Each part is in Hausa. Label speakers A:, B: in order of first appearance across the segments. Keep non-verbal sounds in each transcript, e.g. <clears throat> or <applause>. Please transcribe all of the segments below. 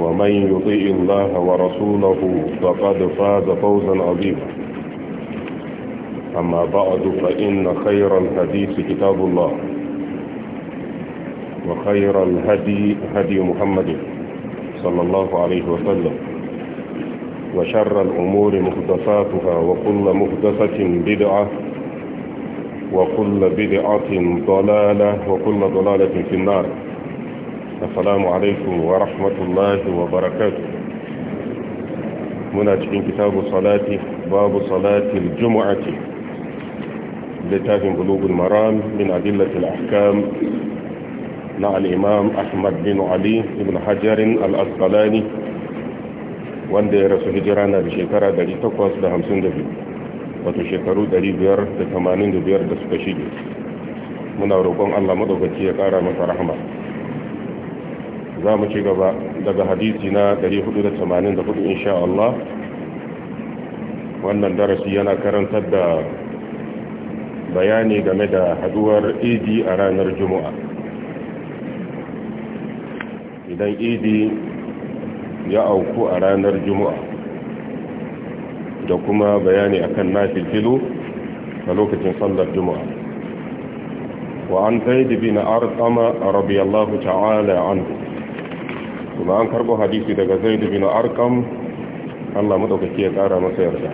A: ومن يطيع الله ورسوله فقد فاز فوزا عظيما أما بعد فإن خير الحديث كتاب الله وخير الهدي هدي محمد صلى الله عليه وسلم وشر الأمور مهدفاتها وكل مهدفة بدعة وكل بدعة ضلالة وكل ضلالة في النار alaikum wa ورحمة wa barakatu. Muna cikin kitabu salati babu salatil jumu'ati littafin bulugul maram min adillatil ahkam na al ahmad bin ali ibn Hajarin al wanda ya rasu hijira na da shekara 852 wato shekaru 585 da suka shige muna roƙon Allah madaukaki ya ƙara masa rahama za mu ci gaba daga hadisi na 484 insha Allah wannan darasi yana karantar da bayani game da haduwar idi a ranar juma'a idan idi ya auku a ranar juma'a da kuma bayani akan nafil filo a lokacin sallar juma'a وعن زيد بن أرقم رضي الله تعالى عنه kuma an karbo hadisi daga Zaidu bin arqam Allah madaukaki ya kara masa yarda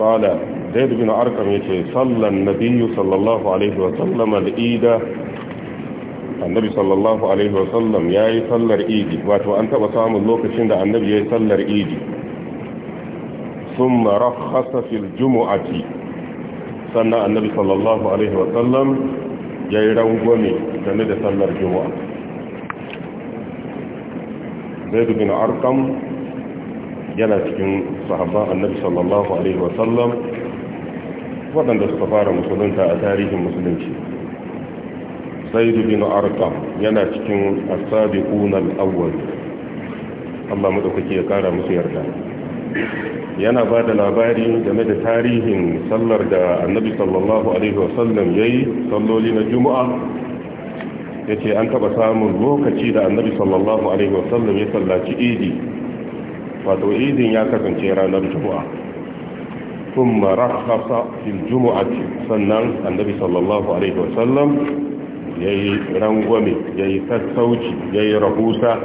A: Fada Zaidu bin ya ce sallan nabiyyu sallallahu alaihi wa sallam al annabi sallallahu alaihi wa sallam ya yi sallar idi wato an taɓa samun lokacin da annabi yi sallar idi thumma rakhasa fil jumu'ati sannan annabi sallallahu alaihi wa sallam ya yi rangwame game da sallar juma'a zaidu bin arkam yana cikin sahabban annabi sallallahu alaihi wasallam waɗanda suka fara musulunta a tarihin musulunci zaidu bin arkam yana cikin asabi kunal awwal Allah maɗaukaki ya ƙara musu yarda yana ba da labari game da tarihin sallar da annabi sallallahu alaihi wasallam ya yi salloli na juma'a Yace an taɓa samun lokaci da annabi sallallahu ya sallaci idi wato idin ya kasance ranar juma'a sun marakasa fil juma'ati sannan annabi sallallahu ya yi rangwame ya yi sassauci ya yi rahusa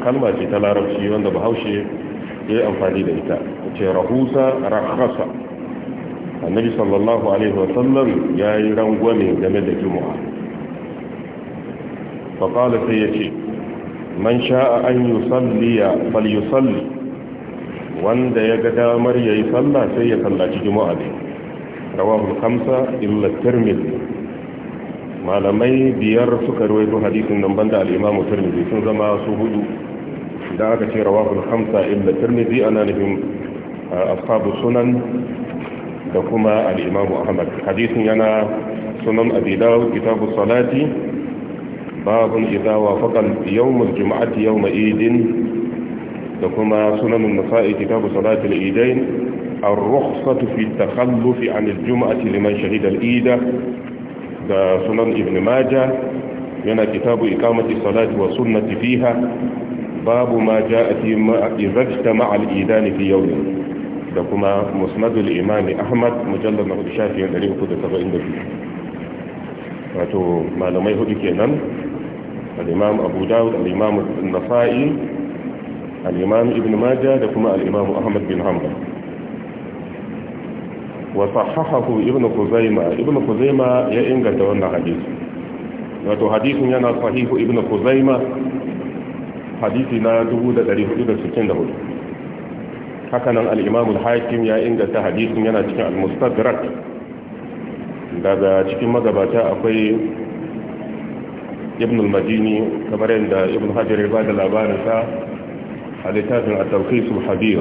A: kalma ce ta larabci wanda bahaushe ya yi amfani da ita yace rahusa rahasa annabi sallallahu alaihi wasallam ya yi rangwame game da juma'a faƙala sai ya ce man sha'a an yi salliya salli. wanda ya ga damar ya yi sallah sai ya sallaci juma'a ne rawahul kamsa illa tirmidhi malamai biyar suka ruwaito hadisin nan banda al-imamu sun zama su hudu da aka ce rawahul kamsa illa Tirmizi, ana nufin ah, ashabu sunan da kuma al'imamu ahmad hadisin yana sunan abidawo kitabu salati babun idawa faƙal yawmul juma'ati yawma idin da kuma sunan nasa'i kitabu salati idain al'idain الرخصة في التخلف عن الجمعة لمن شهد ida da sunan ibn maja yana kitabu ikamati salati wa sunnati fiha babu ma ja'ati ma idza ijtama'a al-idan fi yawmin da kuma musnadul imami ahmad mujallar na hudu da biyu. wato malamai hudu kenan al'imam abu dawud al'imam nasa'i al'imam ibn majah da kuma al'imam ahmad bin hanbal wa sahahahu ibn kuzaima ibn kuzaima ya inganta wannan hadisi wato hadisin yana sahihu ibn kuzaima hadisi na 1464 haka nan al’imamul haikim ya inganta hadisun yana cikin al-mustadrak daga cikin magabata akwai ibn al-madini kamar yadda ibn hajjari ba da ta. a at a tsarki su habir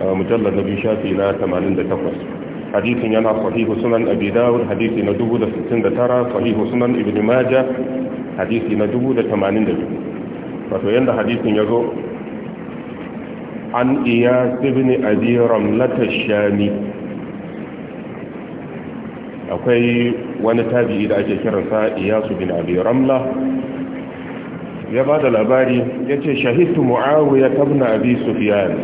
A: a shafi na bishafi na 88 hadisun yana sahihu sunan abi dawud hadisi na 69 sahihu sunan ibn majah hadisi na 82 wato yadda hadisun ya zo an iya ibn abi ramlata shami akwai wani tabi'i da ake kiransa Su bin abi ramla ya ba da labari ya ce shahistu mu'awiyya tabna abi sufiyan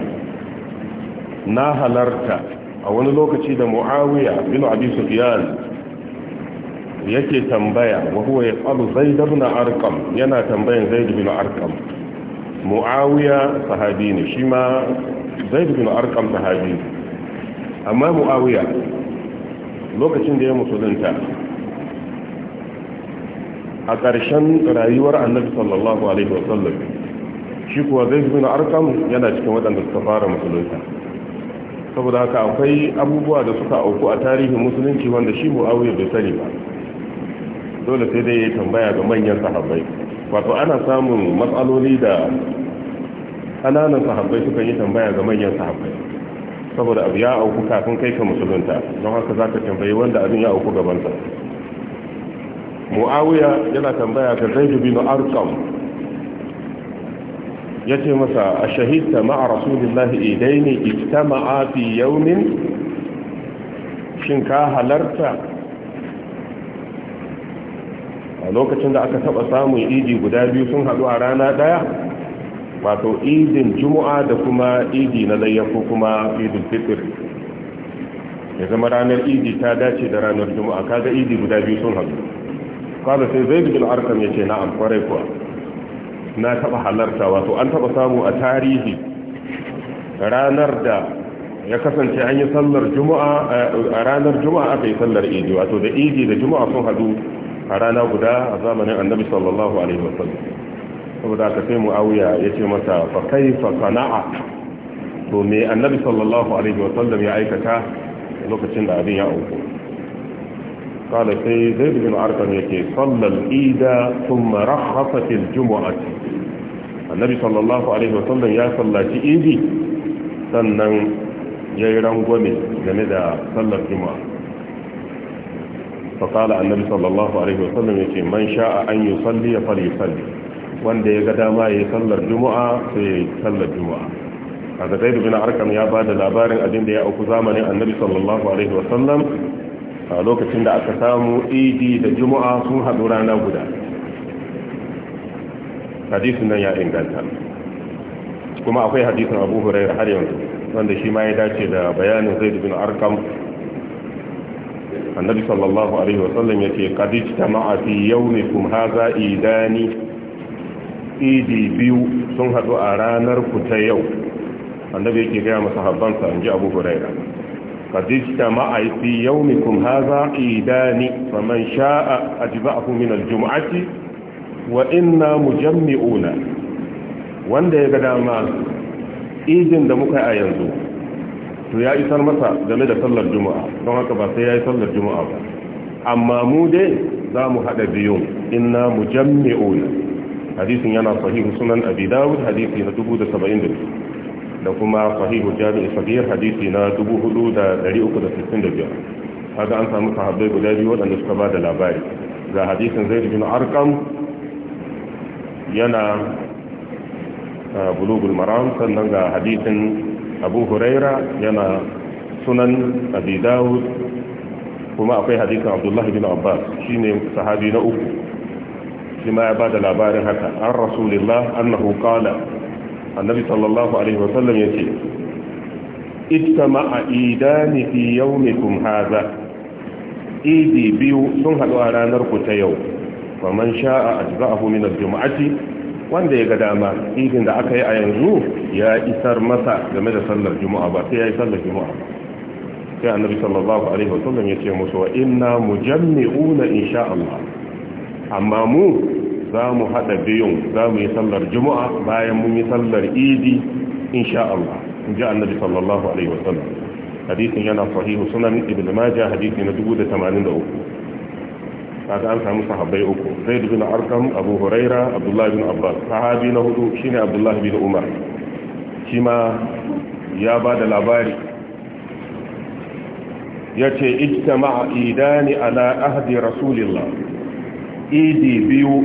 A: na halarta a wani lokaci da mu'awiyya bin abi sufiyan yake tambaya wa huwa ya tsalu zai dabna arkam yana tambayan zai bin arkam mu'awiya sahabi ne shi ma zaid bin sahabi amma mu'awiya lokacin da ya musulunta a ƙarshen rayuwar annabi sallallahu alaihi wasallam shi kuwa zaid bin arqam yana cikin waɗanda suka fara musulunta saboda haka akwai abubuwa da suka auku a tarihin musulunci wanda shi mu'awiya bai sani ba dole sai dai ya tambaya ga manyan sahabbai wato ana samun matsaloli da ƙananan sahabbai suka yi tambaya ga manyan sahabbai saboda abu ya auku kafin kai ka musulunta don haka za ka tambayi wanda abin ya auku gabansa mu'awiya yana tambaya ga zaidu bin arkam ya ce masa a shahidta ma'a rasulullahi idai ne ma'a fi yaunin shin ka halarta a lokacin da aka taba samun idi guda biyu sun haɗu a rana ɗaya wato idin juma'a da kuma idi na layya ko kuma idin fitr ya zama ranar idi ta dace da ranar juma'a kaga idi guda biyu sun haɗu kwallo sai zai bin arkam ya ce na amfarai kuwa na taba halarta wato an taba samu a tarihi ranar da ya kasance an yi sallar juma'a eh, a ranar juma'a aka yi sallar idi wato da idi da juma'a sun haɗu a rana guda a zamanin annabi sallallahu alaihi wasallam saboda aka sai muawiya ya ce masa fa kaifa sana'a to me annabi sallallahu alaihi wasallam ya aikata lokacin da abin ya auku قال سي زيد بن أرقم يكي صلى الإيد ثم رخصت الجمعة النبي صلى الله عليه وسلم يا صلى إيدي سنن يرنغني جمد صلى الجمعة فقال النبي صلى الله عليه man sha'a من شاء ya يصلي فليصلي wanda ya ga dama ya sallar juma'a sai ya sallar juma'a a da bin arkam ya ba da labarin abin da ya auku zamanin annabi sallallahu alaihi wasallam a lokacin da aka samu idi da juma'a sun haɗu rana guda hadisin nan ya inganta kuma akwai hadisin abu hurairu har yanzu wanda shi ma ya dace da bayanin zaidu bin arkam annabi sallallahu alaihi wasallam ya ce kadij tama'a fi haza idani idi biyu sun haɗu a ranar ku ta yau annabi yake gaya masa habbansa in ji abu huraira kadij tama'a fi haza idani faman sha'a ajba'ahu min aljum'ati wa inna mujammi'una wanda ya ga dama idin da muka a yanzu to ya isar masa game da sallar juma'a don haka ba sai ya yi sallar juma'a ba amma mu dai za mu haɗa biyu inna mu jammi'una hadisin yana sahihu sunan abi dawud hadisi na 1072 da kuma sahihu jami'i sabir hadisi na 4365 kaga an samu sahabbai guda biyu waɗanda suka ba da labari ga hadisin zaid bin arqam yana ah, bulugul maram sannan ga hadisin abu huraira yana sunan abi dawud kuma akwai hadisin abdullahi bin abbas shine sahabi na uku shi ma ya ba da labarin haka an rasulillah annahu qala annabi sallallahu alaihi wa sallam yace ittama'a idani fi yawmikum hadha idi biyu sun hadu a ranar ku ta yau man sha'a ajza'ahu min al-jum'ati wanda ya ga dama idin da aka yi a yanzu ya isar masa game da sallar juma'a ba sai ya yi sallar juma'a sai annabi sallallahu alaihi wasallam ya ce musu wa inna mujammi'una insha Allah amma mu za mu hada biyun za mu yi sallar juma'a bayan mun yi sallar idi insha Allah in ji annabi sallallahu alaihi wasallam hadisin yana sahihu sunan ibn majah hadisi na 1083 kaga an samu sahabbai uku zaid bin arqam abu huraira abdullah bin abbas sahabi na hudu shine abdullah bin umar shi ma ya ba da labari ya ce ita ijtama idani ala ahadi rasulillah idi biyu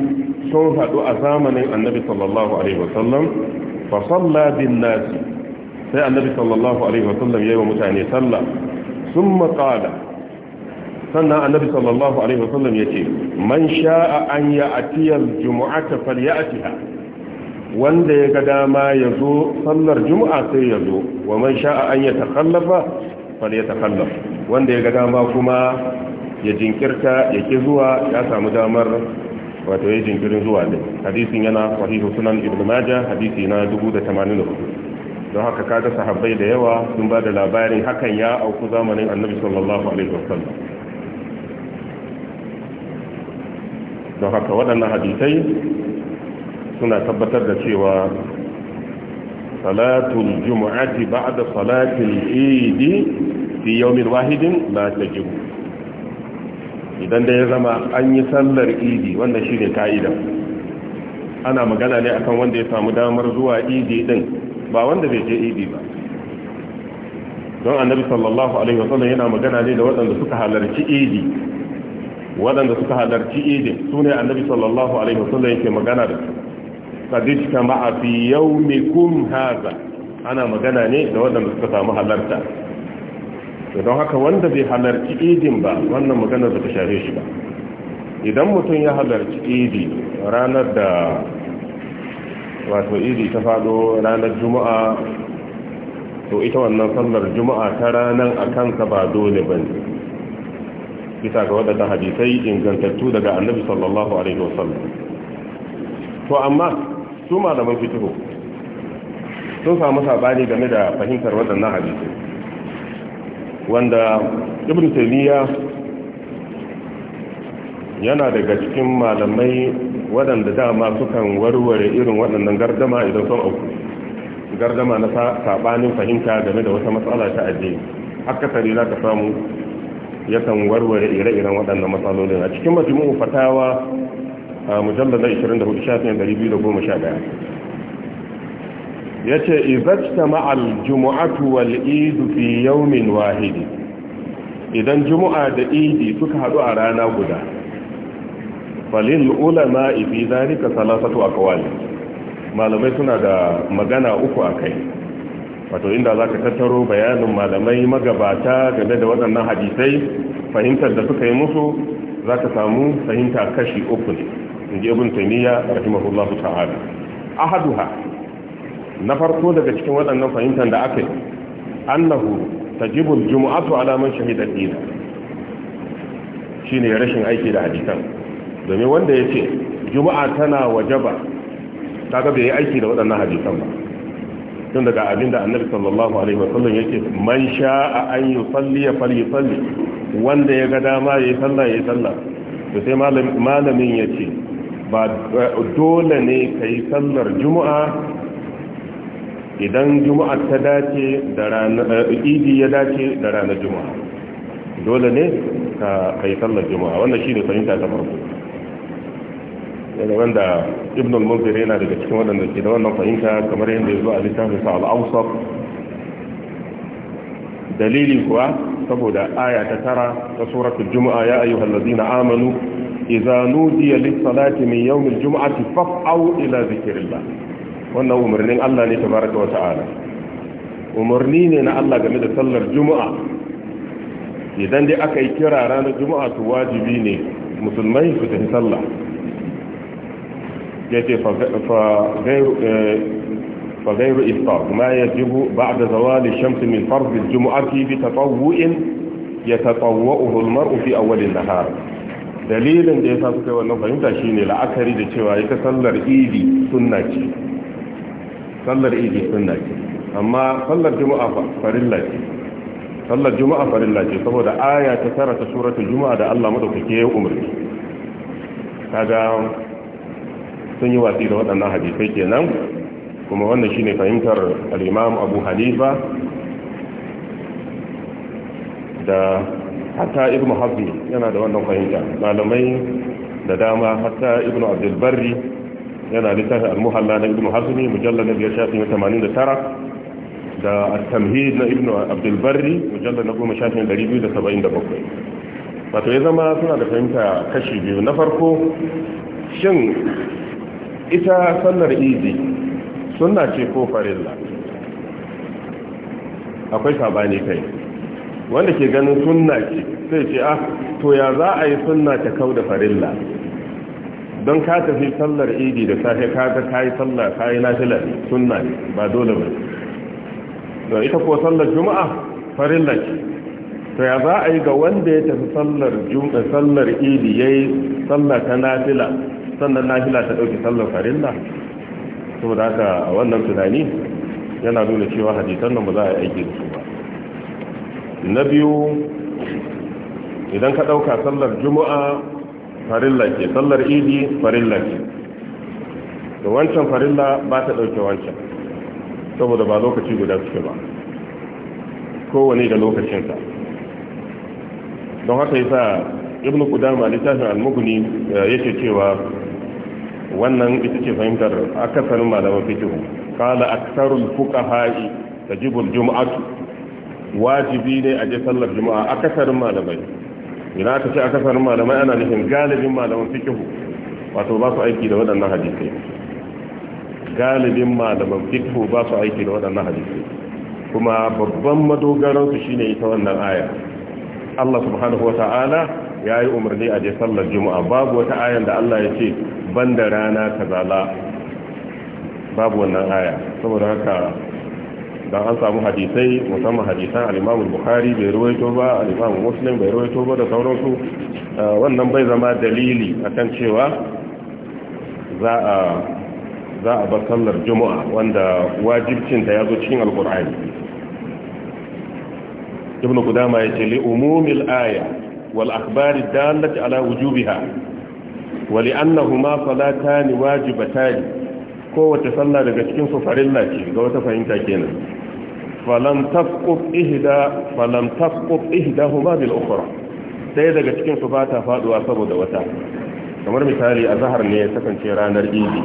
A: sun haɗu a zamanin annabi sallallahu alaihi wasallam fa salla bin nasi sai annabi sallallahu alaihi wasallam wa mutane sallah sun qala sannan annabi sallallahu alaihi wasallam ce man sha'a an ya al-jumu'ata falyatiha wanda ya ga dama ya zo sallar juma'a sai ya zo wa man sha'a an ya takallafa fal ya takallafa wanda ya ga dama kuma ya jinkirta ya ke zuwa ya samu damar wato ya jinkirin zuwa ne hadisin yana sahihu sunan ibnu majah hadisi na 1084 don haka kaga sahabbai da yawa sun ba da labarin hakan ya auku zamanin annabi sallallahu alaihi wasallam don haka waɗannan hadisai suna tabbatar da cewa salatul jumu'ati ba'da salatul idi fi yawmin wahidin la tajib idan da ya zama an yi sallar idi wannan shine kaida ana magana ne akan wanda ya samu damar zuwa idi din ba wanda bai je idi ba don annabi sallallahu alaihi wasallam yana magana ne da waɗanda suka halarci idi waɗanda suka halarci idi, su ne annabi sallallahu alaihi wasallam yake magana da su kadishta ma'afi yau mekum haza ana magana ne da waɗanda suka samu halarta don haka wanda bai halarci idin ba wannan magana ba ta share shi ba idan mutum ya halarci idi ranar da wato idi ta faɗo ranar juma'a to ita wannan sallar juma'a ta ranar a kansa ba dole ba ne bisa ga waɗanda hadisai ingantattu daga annabi sallallahu alaihi wasallam to amma su malaman fitihu sun samu sabani game da fahimtar waɗannan hadisi wanda ibn taymiya yana daga cikin malamai waɗanda dama sukan warware irin waɗannan gardama idan sun auku gardama na sabanin fahimta game da wata matsala ta addini akasari za ka samu yakan warware ire-iren waɗannan matsalolin a cikin majmu'u fatawa a mujallar na 24 shafin 211 ya ce ta ma'al jumu'atu wal idu fi yaumin wahidi idan jumu'a da idi suka haɗu a rana guda falil ulama ifi zalika salasatu kawali malamai suna da magana uku a kai wato inda za ka tattaro bayanin malamai magabata game da waɗannan hadisai fahimtar da suka yi musu za ka samu fahimta kashi uku ne in ji ibn taymiya rahimahullahu ta'ala ahaduha na farko daga cikin waɗannan fahimtar da aka yi annahu ta aljum'atu juma'atu man shahida al Shi ne rashin aiki da hadisan domin wanda ya ce, juma'a tana wajaba kaga bai yi aiki da waɗannan hadisan ba tun daga abinda annabi sallallahu alaihi wasallam yake man sha'a an yi yusalli falyusalli wanda ya ga dama ya yi sallah ya yi sallah to sai malamin ce. ba dole ne ka yi sallar juma'a idan juma'a ta dace da ranar eh, idi ya dace da ranar juma'a dole ne ka yi sallar juma'a wannan shi ne fahimta ta farko daga wanda ibn al-munzir yana daga cikin waɗanda ke da wannan fahimta kamar yadda ya zo a littafin sa al-awsat dalili kuwa saboda aya ta tara ta suratul juma'a ya ayyuhallazina amanu idza nudiya lis-salati min yawm al-jum'ati faf'au ila dhikrillah wannan umarnin Allah ne tabaraka wa ta'ala umarni ne na Allah game da sallar juma'a idan dai aka yi kira ranar juma'a to wajibi ne musulmai su tafi sallah yace fa gairu fa gairu iftar ma yajibu ba'da zawali shams min fard al-jum'ati bi tatawwu'in yatatawwa'uhu al-mar'u fi awwal an-nahar dalilin da ya sa suka yi wannan fahimta shi ne la'akari da cewa ita sallar idi sunna ce sallar idi sunna ce amma sallar juma'a farilla ce sallar juma'a farilla ce saboda aya ta tara ta suratul juma'a da Allah madaukake ya umarni kaga sun yi wasi da waɗannan hadisai kenan kuma wannan shine fahimtar al-Imam Abu Hanifa da hatta ibn habbi yana da wannan fahimta malamai da dama hatta ibn abdul barri yana littafin al-muhalla na ibn hazmi mujallal na biyar shafin 89 da at-tamhid na ibn abdul barri mujallal na goma shafin 277 wato ya zama suna da fahimta kashi biyu na farko shin ita sallar idi sunna ce ko farilla akwai sabani kai wanda ke ganin sunna ce sai ce ah to ya za a yi sunna ta kau da farilla don ka tafi sallar idi da safe ka ga sallar ka yi nafila sunna ne ba dole ba to ita ko sallar juma'a farilla ce to ya za a yi ga wanda ya tafi sallar juma'a sallar idi yayi sallar ta nafila sannan nafila ta dauki sallar farilla saboda haka wannan tunani yana nuna cewa hadisan nan ba za a yi aiki da su ba na biyu idan ka ɗauka sallar juma'a farilla ke sallar idi farilla ke da wancan farilla ba ta ɗauke wancan saboda ba lokaci guda suke ba kowane da lokacinsa don haka yasa ibn qudama littafin almuguni ya eh, yake cewa wannan ita ce fahimtar akasarin malaman kala qala fuka fuqaha da jibul juma'atu wajibi ne a je sallar juma'a kasarin malamai Ina ka ce a kasarin malamai ana nufin galibin malaman fikihu wato ba su aiki da waɗannan hadisai galibin malaman fikihu ba su aiki da waɗannan hadisai kuma babban madogaran su shine ita wannan aya Allah subhanahu wa ta'ala ya yi umarni a je sallar juma'a babu wata ayan da Allah ya ce ban da rana kazala babu wannan aya saboda haka dan an samu hadisai musamman hadisan al-Imam Bukhari bai ruwaito ba Muslim bai ruwaito ba da sauransu eh, wannan bai zama dalili akan cewa za a bar sallar juma'a wanda wajibcin ta yazo cikin Alkur'ani. qurani Ibn Qudama yace li umumil aya wal akhbar ad-dallati ala wujubiha wa li annahuma salatan wajibatan kowace sallah daga cikin su farilla ce ga wata fahimta kenan falam tasqut ihda falam tasqut ihdahuma bil ukhra sai daga cikin su bata faduwa saboda wata kamar misali azhar ne ya kasance ranar idi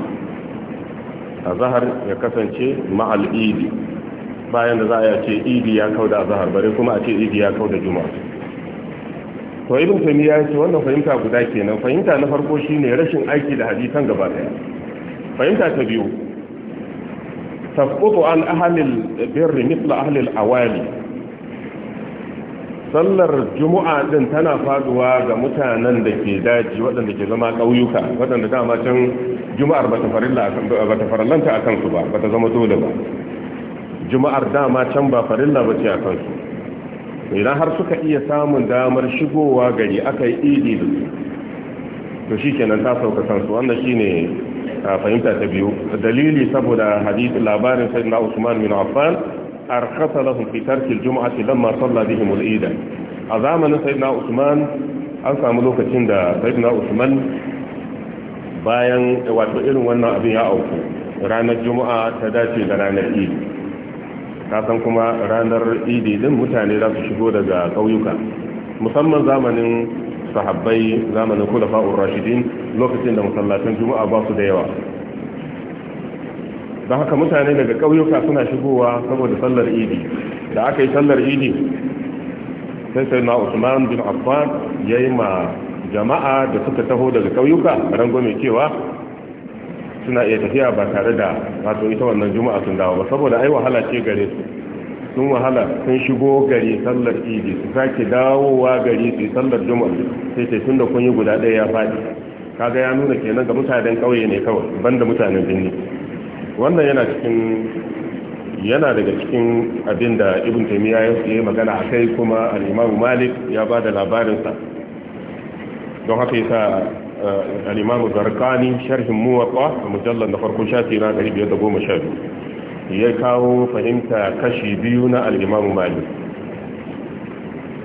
A: azhar ya kasance ma'al idi bayan da za a ce idi ya kauda azhar bare kuma a ce idi ya kauda juma'a to ibn taymiya ya ce wannan fahimta guda kenan fahimta na farko shine rashin aiki da hadisan gaba daya fahimta ta biyu tasqutu an ahlil birri mithla ahlil awali sallar juma'a din tana faduwa ga mutanen da ke daji waɗanda ke zama ƙauyuka waɗanda dama can juma'ar bata farilla bata farallanta a kansu ba bata zama dole ba juma'ar dama can ba farilla ba ce a kansu idan har suka iya samun damar shigowa gari aka yi idi da su to shi kenan ta sauka kansu wannan shi ne. fahimta ta biyu dalili saboda hadisi labarin sayyidina Usman bin Affan arkasa lahum fi tarki al lamma salla bihim al-eid a zamanin sayyidina Usman an samu lokacin da sayyidina Usman bayan wato irin wannan abin ya auku ranar juma'a ta dace da ranar eid kasan kuma ranar idi din mutane za su shigo daga kauyuka musamman zamanin sahabbai zamanin kulafa'ur rashidin lokacin da masallacin juma'a ba su da yawa don haka mutane daga ƙauyuka suna shigowa saboda sallar idi da aka yi sallar idi sai sai na usman bin affan ya yi ma jama'a da suka taho daga ƙauyuka rangwame cewa suna iya tafiya ba tare da wato ita wannan juma'a sun dawo ba saboda ai wahala ce gare su sun wahala sun shigo gari sallar idi su sake dawowa gari su sallar juma'a sai ce tun da kun yi guda ɗaya ya faɗi kaga ya nuna kenan ga mutanen ƙauye ne kawai banda mutanen birni wannan yana cikin yana daga cikin abin da ibn taymiya ya yi magana a kai kuma al malik ya ba da labarinsa don haka yasa eh, al-imam zarqani sharhin a mujallal na farko shafi na biyu. ya kawo fahimta kashi biyu na al'imamu malik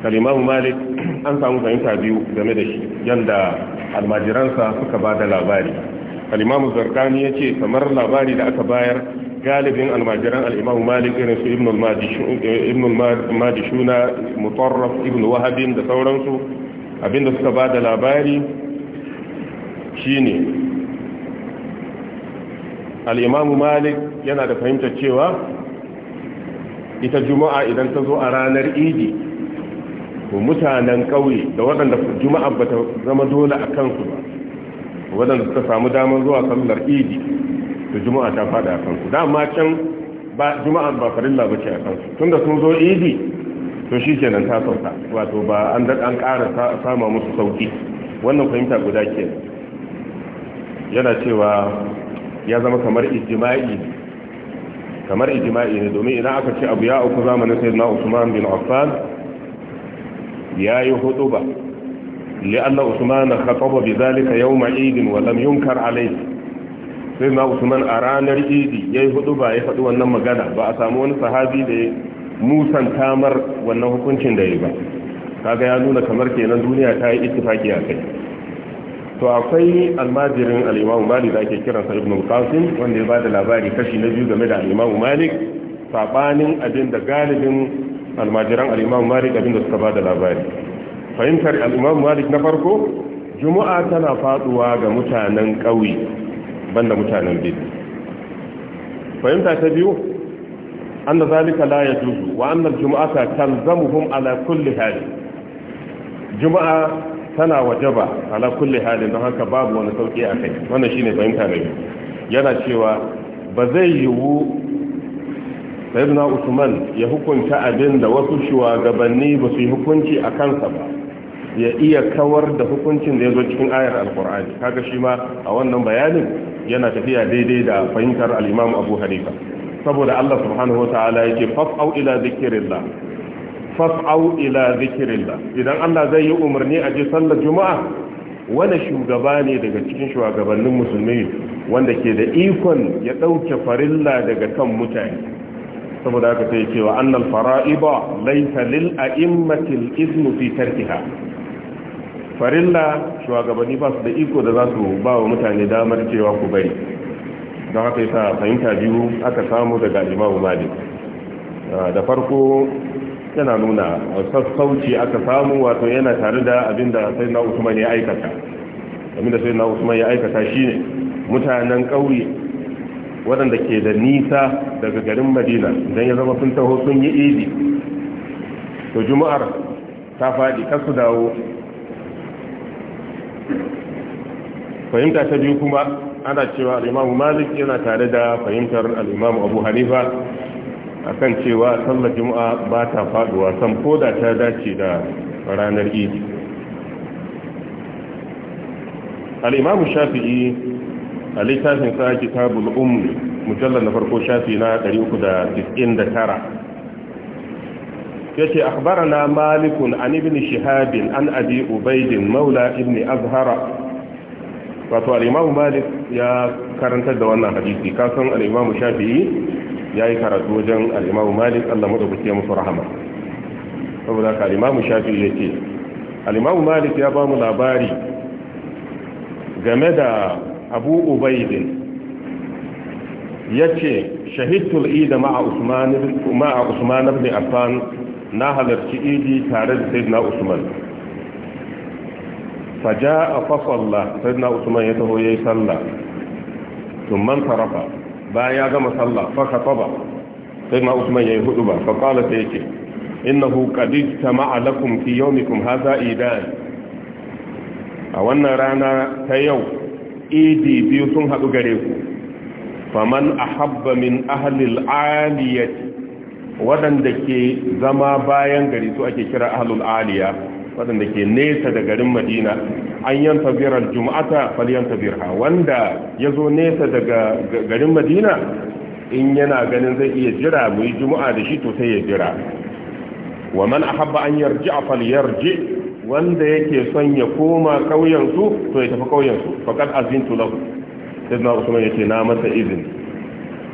A: al'imamu malik an samu fahimta biyu game da shi yadda almajiransa suka ba da labari al'imamu zarkani ya ce kamar labari da aka bayar galibin almajiran al'imamu malik irin su ibn al-majishuna mutarraf ibn wahabin da sauransu abinda suka ba da labari shine al'imamu malik yana da fahimtar cewa ita juma'a idan ta zo a ranar idi ko mutanen ƙauye da waɗanda juma'a ba ta zama dole a kansu ba waɗanda suka samu damar zuwa sallar idi to juma'a ta fada a kansu dama can ba juma'a ba farilla ba ce a kansu Tun da sun zo idi to shi ke ta sauka wato ba an ƙara sama musu sauki wannan fahimta guda ke yana cewa ya zama kamar ijima'i ne kamar ijima'i ne domin idan aka ce abu ya uku zamanin na Usman bin Affan yi hutuba لأن bi zalika yawma يوم wa lam yunkar alayhi sai na Usman a ranar Idi yayi hudu ba ya faɗi wannan magana ba a samu wani sahabi da ya musan tamar wannan hukuncin da ya ba kaga ya nuna kamar kenan duniya ta yi ittifaki a kai to akwai almajirin al'imamu malik da ake kiransa ibn al-qasim wanda ya bada labari kashi na biyu game da al'imamu malik sabanin abin da galibin almajiran al'imamu malik abin da suka bada labari fahimtar al'imamu malik na farko juma'a tana faduwa ga mutanen ƙauye banda mutanen birni fahimta ta biyu anna zalika la yajuzu wa anna al-jum'ata talzamuhum ala kulli hal juma'a tana wajaba ala kulli halin don haka babu wani sauki a kai wannan shine fahimta da yana cewa ba zai yiwu sayyidina usman ya hukunta abin da wasu shugabanni ba su yi hukunci a kansa ba ya iya kawar da hukuncin da ya zo cikin ayar alkur'ani kaga shi ma a wannan bayanin yana tafiya daidai da fahimtar alimam abu hanifa saboda Allah subhanahu wa ta'ala faf au ila zikirillah fas'au ila zikirillah idan Allah zai yi umarni a je sallar juma'a wani shugaba ne daga cikin shugabannin musulmi wanda ke da ikon ya dauke farilla daga kan mutane saboda haka sai cewa annal fara'iba laysa lil a'immati al iznu fi tarkiha farilla shugabanni ba su da iko da za su ba wa mutane damar cewa ku bari don haka yasa fahimta biyu aka samu daga imamu malik da farko yana nuna sassauci aka samu wato yana tare da abinda sai na usman ya aikata abinda sai na usman ya aikata shine mutanen ƙauye waɗanda ke da nisa daga garin madina idan ya zama sun taho sun yi idi to juma'ar ta faɗi kar su dawo fahimta ta biyu kuma ana cewa al'imamu malik yana tare da fahimtar al'imamu abu hanifa akan cewa sallar juma'a ba ta faduwa sam ko da ta dace da ranar idi al'imamu shafi'i a littafin sa kitabul um mujallar na farko shafi na 399 yace akhbarana malikun an ibn shahabin an abi Ubaidin maula ibn azhara wato al'imamu malik ya karantar da wannan hadisi kasan al'imamu shafi'i ya yi karatu wajen al'imamu malik allah maɗaukaki ya musu rahama saboda ka al'imamu shafi ya ce al'imamu malik ya ba mu labari game da abu ubaide ya ce shahidtul ida ma'a usman ibn affan na halarci idi tare da sayyidina usman faja a fasalla sayyidina usman ya taho ya yi sallah tumman tarafa bayan ya gama sallah fa khataba sai ma Usman yayi hudu ba fa qala sai yake innahu qad istama'a lakum fi yawmikum hadha idan a wannan rana ta yau idi biyu sun haɗu gare ku faman ahabba min ahlil aliyati waɗanda ke zama bayan gari su ake kira ahlul aliya waɗanda ke nesa da garin madina an yanta birar juma'ata fal birha wanda ya zo nesa daga garin madina in yana ganin zai iya jira mu yi juma'a da shi to sai ya jira wa man ahabba an yarji a fal wanda yake son ya koma ƙauyensu to ya tafi ƙauyensu faƙad azintu lahu sai usman yake na masa izini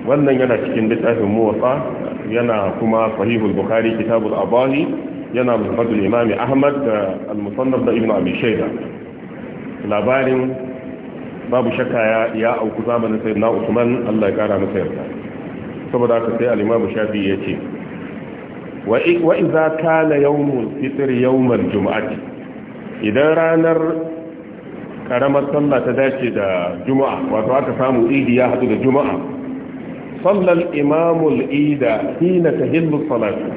A: wannan yana cikin littafin muwasa yana kuma sahihul bukhari kitabul abahi yana musnad al ahmad da al da ibn abi shayba labarin babu shakka ya ya auku zamanin na usman Allah ya kara masa yarda saboda haka sai al-imam shafi yace wa wa idza kana yawmul fitr yawmal jum'ati idan ranar karamar sallah ta dace da juma'a wato aka samu idi ya hadu da juma'a sallal imamul ida hina tahillu salatu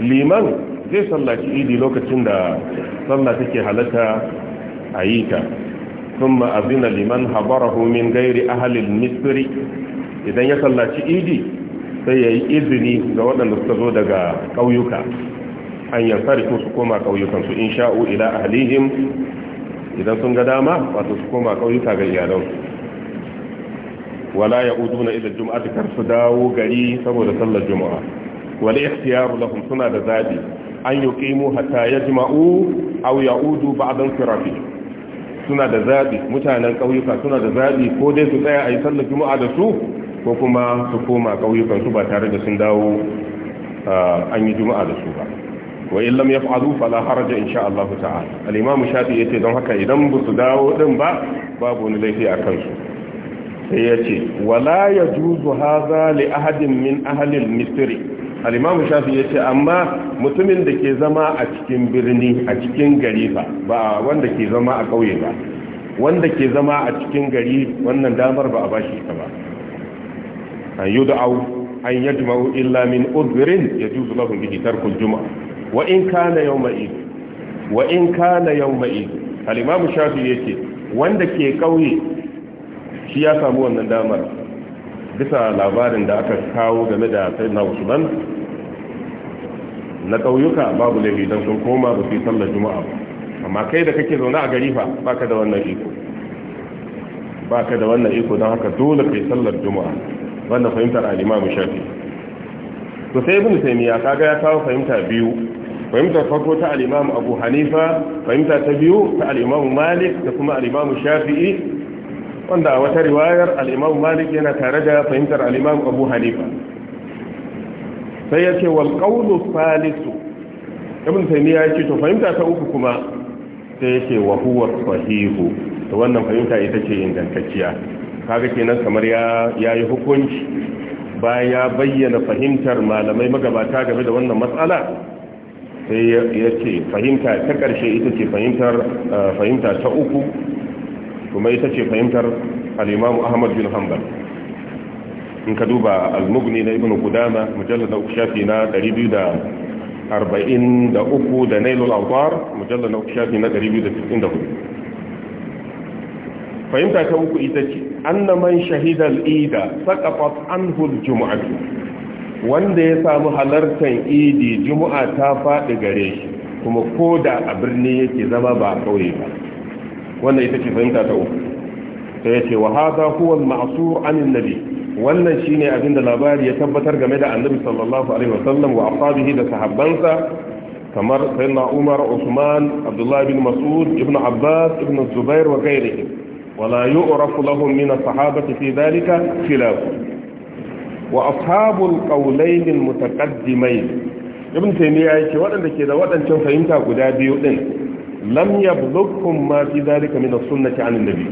A: liman zai sallaci idi lokacin da sallah take halatta a yi ta sun ma'azina liman habara homin gairi ahalin misiri idan ya sallaci idi sai ya yi izini ga waɗanda suka zo daga ƙauyuka Hanyar yansari ko su koma ƙauyukansu in sha'u ila ahalihim idan sun ga dama wato su koma ƙauyuka ga iyalansu wala ya uduna ila juma'ati kar su dawo gari saboda sallar juma'a wal ikhtiyaru lahum suna da zaɓi an yuqimu hatta yajma'u a ya'udu ba'da firafi suna da zabi mutanen ƙauyuka suna da zaɗi ko dai su tsaya ayi sallar juma'a da su ko kuma su koma kauyukan su ba tare da sun dawo an yi juma'a da su ba wa in lam yaf'alu fala haraja insha Allah ta'ala al-imam shafi yace don haka idan ba su dawo din ba babu wani laifi a kansu sai yace wala yajuzu hadha li ahadin min ahli al-misri al'imamu shafi ya ce amma mutumin da ke zama a cikin birni a cikin gari ba ba wanda ke zama a ƙauye ba wanda ke zama a cikin gari wannan damar ba a ba shi ba an yi au an yi jima'u illa min uzbirin ya su lafin bihi tarkul juma wa in kana yau ma'id wa in kana yau ma'id al'imamu shafi ya ce wanda ke ƙauye shi ya samu wannan damar bisa labarin da aka kawo game da sayyidina usman na ƙauyuka babu laifi don sun koma ba su yi sallar juma'a amma kai da kake zaune a gari fa baka da wannan iko baka da wannan iko don haka dole kai sallar juma'a wannan fahimtar al-imam shafi to sai ibn taymiya kaga ya kawo fahimta biyu fahimtar farko ta al-imam abu hanifa fahimta ta biyu ta al-imam malik da kuma al-imam shafi'i wanda a wata riwayar alimam malik yana tare da fahimtar al'imamu abu hanifa sai ya ce wal ƙaunu salisu ibn taymiya ya ce to fahimta ta uku kuma sai ya ce wa huwa sahihu to wannan fahimta ita ce ingantacciya kaga kenan kamar ya yayi hukunci bayan ya bayyana fahimtar malamai magabata game da wannan matsala sai ya ce fahimta ta ƙarshe ita ce fahimtar eh, fahimta ta uku kuma ita ce fahimtar al-imamu ahmad bin hanbal in ka duba al-mughni na ibn qudama mujallar na shafi na 243 da nailul awtar mujallad na shafi na 294 fahimta ta uku ita ce annaman shahidar shahida al-ida saqafat anhu al wanda ya samu halartar idi juma'a ta faɗi gare shi kuma ko da a birni yake zama ba a ƙauye ba wannan ita ce fahimta ta uku ta ya ce wa hada huwa al-ma'sur anin nabi wannan shi ne abinda labari ya tabbatar game da annabi sallallahu alaihi wasallam wa ashabihi da sahabbansa kamar sayyidina Umar Usman abdullahi bin Mas'ud Ibn Abbas Ibn Zubair wa ghayrihim wala yu'rafu lahum min as-sahabati fi dhalika khilaf wa ashabul qawlayn al-mutaqaddimayn ibn taymiya yace waɗanda ke da waɗancan fahimta guda biyu din lam yablugkum ma fi zalika min as-sunnati 'an an-nabi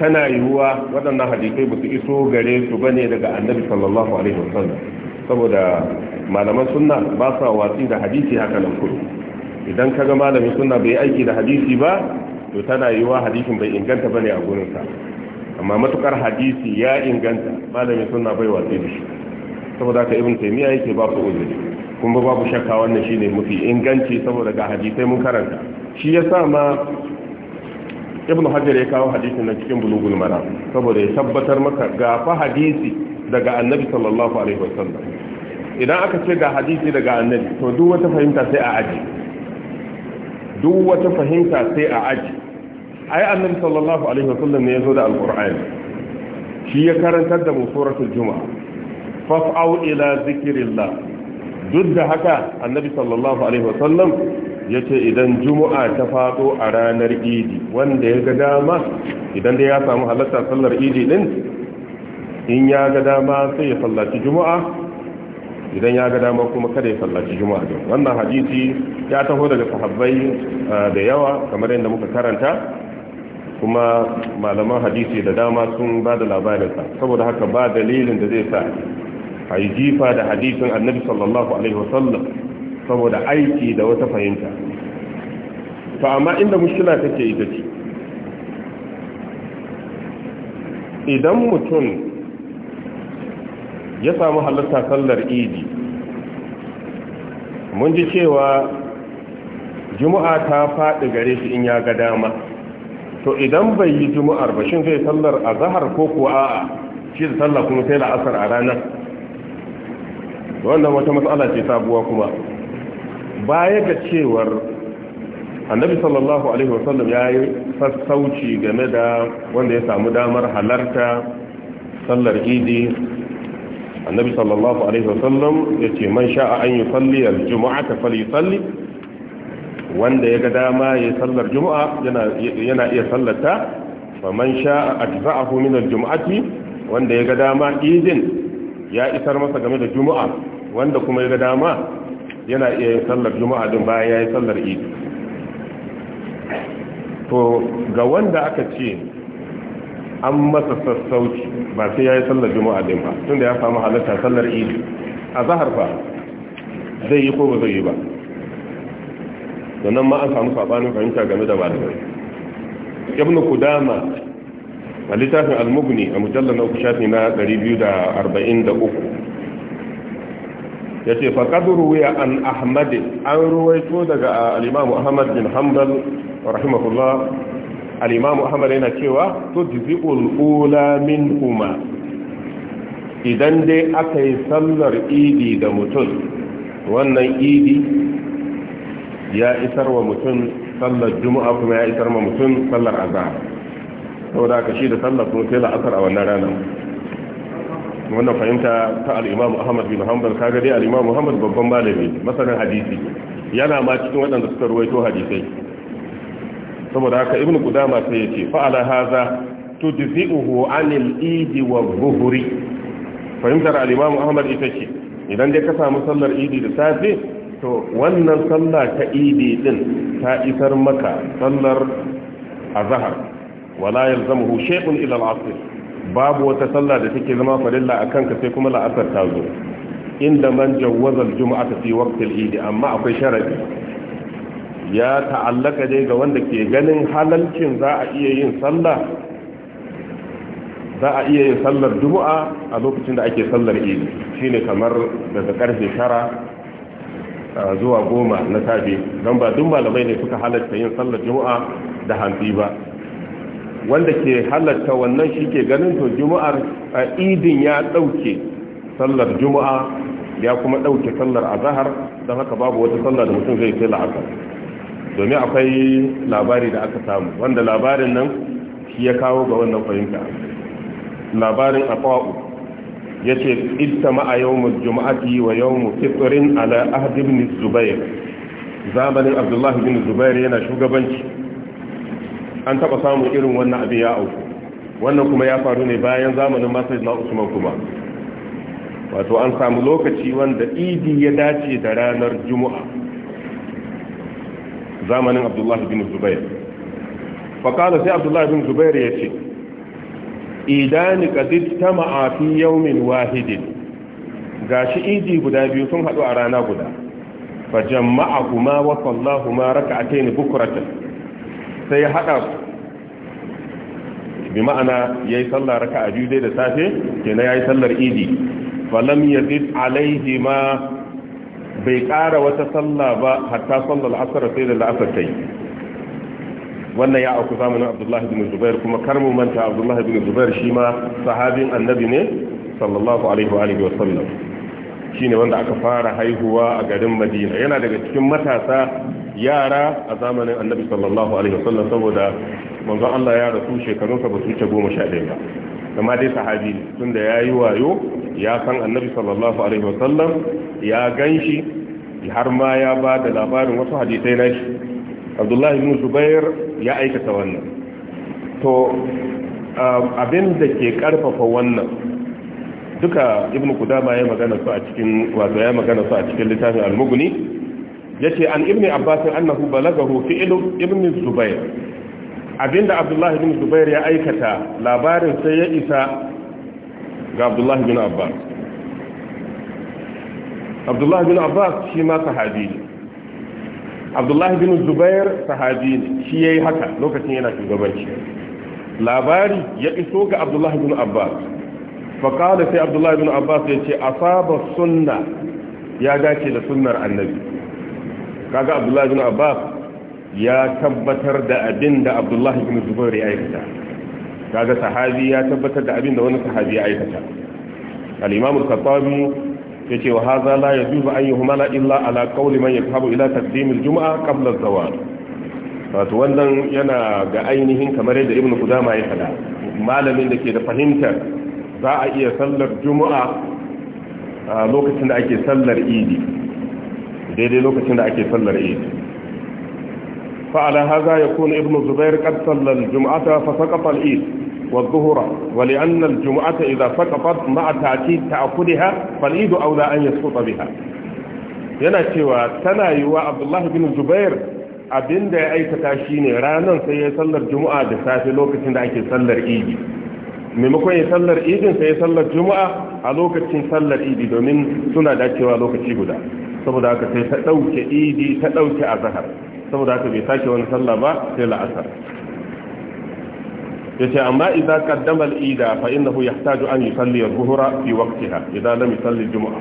A: tana yiwuwa waɗannan hadisai ba su iso gare su bane daga annabi sallallahu alaihi wasallam saboda malaman sunna ba sa watsi da hadisi haka nan kudu idan kaga malamin sunna bai aiki da hadisi ba to tana yiwuwa hadisin bai inganta bane a gurin sa amma matukar hadisi ya inganta malamin sunna bai watsi da shi saboda haka ibn taymiya yake ba su uzuri kuma babu shakka wannan shine mafi inganci saboda ga hadisai mun karanta shi ya sa ma ibn hajar ya kawo hadisin na cikin bulugul mara saboda ya tabbatar maka ga fa hadisi daga annabi sallallahu alaihi wasallam idan aka ce ga hadisi daga annabi to duk wata fahimta sai a aji duk wata fahimta sai a aji ai annabi sallallahu alaihi wasallam ne ya zo da alqur'ani shi ya karantar da mu suratul juma'a fa'au ila zikrillah duk da haka annabi sallallahu alaihi wasallam ya ce idan juma'a ta faɗo a ranar idi wanda ya ga dama idan da ya samu halatta sallar idi din in ya ga dama sai ya sallaci juma'a idan ya ga dama kuma kada ya sallaci juma'a din wannan hadisi ya taho daga sahabbai da yawa kamar yadda muka karanta kuma malaman hadisi da dama sun ba da labarinsa saboda haka ba dalilin da zai sa a yi jifa da hadisin annabi sallallahu alaihi wasallam saboda aiki da wata fahimta to amma inda mushkila take ita ce idan mutum ya samu halitta sallar idi mun ji cewa juma'a ta faɗi gare shi in ya ga dama to idan bai yi juma'ar ba shin zai sallar a zahar ko kuwa a shi da sallar kuma sai la'asar a ranar wannan wata matsala ce sabuwa kuma baya ga cewar annabi sallallahu alaihi wasallam ya yi sassauci game da wanda ya samu damar halarta sallar idi annabi sallallahu alaihi wasallam ya ce man sha'a an yi salli ta jumuata salli wanda ya ga dama ya sallar juma'a yana iya sallata fa man sha'a atfa'ahu min al-jumu'ati wanda ya ga dama idin ya isar masa game da juma'a wanda kuma ya ga dama yana iya yin sallar juma'a din bayan ya sallar idi to ga wanda aka ce an masa sassauci ba sai ya yi sallar juma'a din ba tun ya samu halatta sallar idi a zahar ba zai yi ko ba zai yi ba sannan ma an samu sabanin fahimta game da malamai ibnu kudama a littafin al-mughni a mujallar na uku shafi na 243 ya ce faƙadu ruwiya an ahmadi an ruwaito daga ah, al'imamu ahmad bin hanbal rahimahullah al'imamu ahmad yana cewa to jizi'ul ula min kuma idan dai aka yi sallar idi da mutum wannan idi ya isar wa mutum sallar juma'a kuma ya isar wa mutum sallar azahar saboda aka shi da sallar kuma sai la'asar a wannan ranar wannan fahimta ta al Ahmad bin Hanbal kaga dai al babban malami masanin hadisi yana ma cikin waɗanda suka ruwaito hadisai saboda haka Ibn Qudama sai yace fa ala hadha tujzi'uhu 'anil idi wa dhuhri fahimtar al Ahmad ita ce idan dai ka samu sallar idi da safe to wannan sallah ta idi din ta isar maka sallar azhar wala yalzamuhu shay'un ila al-'asr babu wata sallah da take zama farilla a kanka sai kuma la'asar ta zo inda man juma'a ta fi waqtil idi amma akwai sharadi ya ta'allaka dai ga wanda ke ganin halalcin za a iya yin sallah za a iya yin sallar juma'a a lokacin da ake sallar idi shine kamar daga karfe tara zuwa goma na safe don ba duk malamai ne suka halarta yin sallar juma'a da hantsi ba wanda ke halatta wannan shi ke ganin to juma'ar a idin ya ɗauke sallar juma'a ya kuma ɗauke sallar azahar don haka babu wata sallar da mutum zai kai la'asar domin akwai labari da aka samu wanda labarin nan shi ya kawo ga wannan fahimta labarin akwa'u ya ce ita ma'a yawon juma'ati wa yawon fitorin ala ahdi ibn zubair zamanin abdullahi bin zubair yana shugabanci an taba samun irin wannan abin ya auku wannan kuma ya faru ne bayan zamanin masar na usman kuma wato an samu lokaci wanda idi ya dace da ranar juma'a zamanin abdullahi bin zubair faƙala sai abdullahi bin zubair ya ce idani ƙadid ta ma'afi yaumin wahidin gashi idi guda biyu sun haɗu a rana guda jama'a kuma fajamma'ahuma wa sallahuma raka'atayn bukratan sai ya haɗa su bi ma'ana ya yi sallar raka a biyu dai da safe ke na ya yi sallar idi falam ya zid alaihi ma bai ƙara wata sallah ba hatta sallar la'asar sai da la'asar ta yi wannan ya auku zamanin abdullahi bin zubair kuma kar mu manta abdullahi bin zubair shi ma sahabin annabi ne sallallahu alaihi wa sallam Shi ne wanda aka fara haihuwa a garin madina yana daga cikin matasa yara a zamanin annabi sallallahu alaihi wasallam saboda manzon Allah ya rasu shekarunsa ba su wuce goma sha ba amma dai sahabi ne tunda ya yi wayo ya san annabi sallallahu alaihi wasallam ya ganshi har ma ya ba da labarin wasu hadisai na shi abdullahi bin zubair ya aikata wannan to um, abin da ke karfafa wannan duka ibn kudama ya magana su a cikin wato ya magana su a cikin littafin al-mughni yace an ibn abbas annahu balagahu fi ibn zubair abinda abdullahi ibn zubair ya aikata labarin sai ya isa ga abdullahi bin abbas abdullahi bin abbas shi ma sahabi ne abdullahi bin zubair sahabi shi ya yi haka lokacin yana shugabanci labari ya iso ga abdullahi bin abbas faƙala sai abdullahi bin abbas ya ce asaba sunna ya dace da sunnar annabi kaga abdullahi bin abbas ya tabbatar da abin da abdullahi bin zubair ya aikata kaga sahabi ya tabbatar da abin da wani sahabi ya aikata al-imam al-khattabi yace wa hadha la yajuzu an yuhmala illa ala qawli man yadhhabu ila taqdim juma'a kabla zawa, az wannan yana ga ainihin kamar yadda ibn qudama ya fada malamin da ke da fahimtar za a iya sallar juma'a lokacin da ake sallar idi daidai lokacin da ake sallar idi ya kan sallar juma'a ta fa فعلى هذا يكون ابن الزبير قد صلى الجمعة فسقط العيد والظهر ولأن ta a سقطت ha fal'idu تأخذها فالعيد أولى أن يسقط بها yana cewa tana yiwa abdullahi bin zubair abinda ya aikata shi ne ranar sai ya sallar juma'a da safe lokacin da ake sallar idi maimakon ya sallar idin sai ya sallar juma'a a lokacin sallar idi domin suna dacewa lokaci guda saboda haka sai ta ɗauke idi ta ɗauke a zahar saboda haka bai sake wani sallah ba sai la'asar ya ce amma idan kaddamar ida fa innahu yahtaju an yusalli az fi waqtiha idan lam yusalli juma'a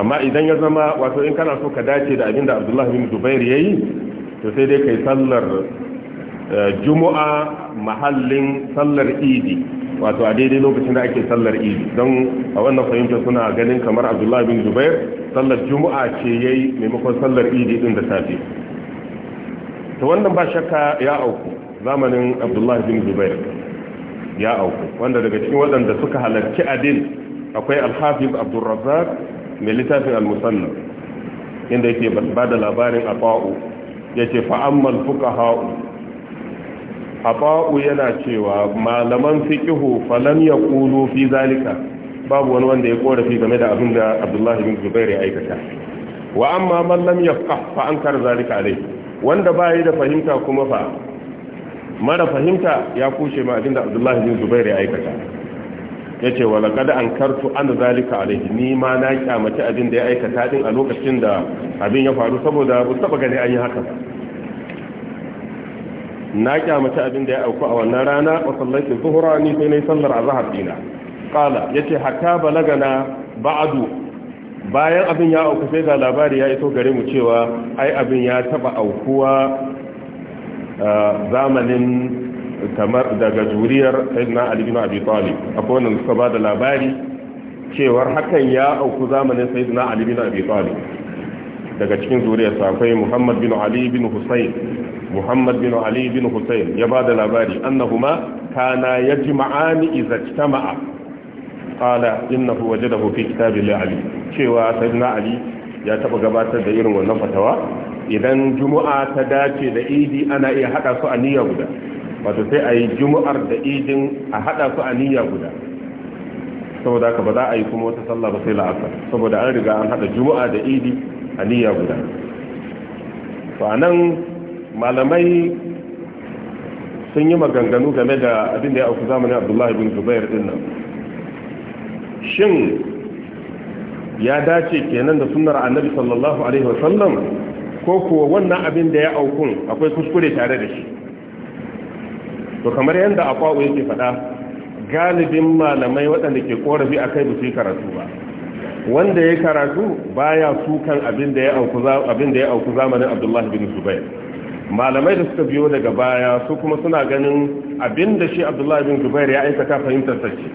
A: amma idan ya zama wato in kana so ka dace da abinda Abdullah bin Zubair yayi to sai dai kai sallar Eh, juma'a mahallin sallar idi wato a daidai lokacin da ake sallar idi don a wannan fahimta suna ganin kamar abdullahi bin zubair sallar juma'a ce yayi maimakon sallar idi din da safe to wannan ba shakka ya auku zamanin abdullahi bin zubair ya auku wanda daga cikin waɗanda suka halarci adil akwai alhafiz abdulrazzaq mai littafin al inda yake ba da labarin afa'u yace fa fuka ha'u. haba'u yana cewa malaman fiqihu falan yaqulu fi zalika babu wani wanda ya korafi game da abin da Abdullah ibn Zubair ya aikata wa amma man lam yafqah fa ankar zalika alai wanda bai da fahimta kuma fa mara fahimta ya kushe ma abin da Abdullah ibn Zubair ya aikata yace wa laqad ankartu an zalika alai ni ma na kyamata abin da ya aikata din a lokacin da abin ya faru saboda ba taba gani an yi haka ba na kyamata abin da ya auku a wannan rana wa sallaitu zuhra ni sai nayi sallar azhar dina qala yace hatta balagana ba'du bayan abin ya auku sai ga labari ya iso gare mu cewa ai abin ya taba aukuwa zamanin kamar daga juriyar sayyidina ali bin abi talib akwai wannan suka bada labari cewar hakan ya auku zamanin sayyidina ali bin abi talib daga cikin sa akwai muhammad bin ali bin husayn muhammad bin ali bin hussein ya ba da labari annahuma kana ya jima'ani iza jitama'a qala innahu da fi kitabillahi ali cewa sayyidina ali ya taba gabatar da irin wannan fatawa idan juma'a ta dace da idi ana iya hada su a niyya guda wato sai a yi juma'ar da idin a hada su a niyya guda saboda haka ba za a yi kuma wata sallah ba sai la'asar saboda an riga an haɗa juma'a da idi a niyya guda to anan malamai sun yi maganganu game da abin da ya auku zamanin abdullahi bin zubair din nan shin ya dace kenan da sunnar annabi sallallahu alaihi wasallam ko kuwa wannan abin da ya aukun akwai kuskure tare da shi to kamar yadda akwawo yake faɗa galibin malamai waɗanda ke korafi a kai su karatu ba wanda ya karatu baya sukan abin da ya auku zamanin abdullahi bin zubair malamai da suka biyo daga baya su kuma suna ganin abinda shi abdullahi bin zubair ya aikata fahimtar ta ce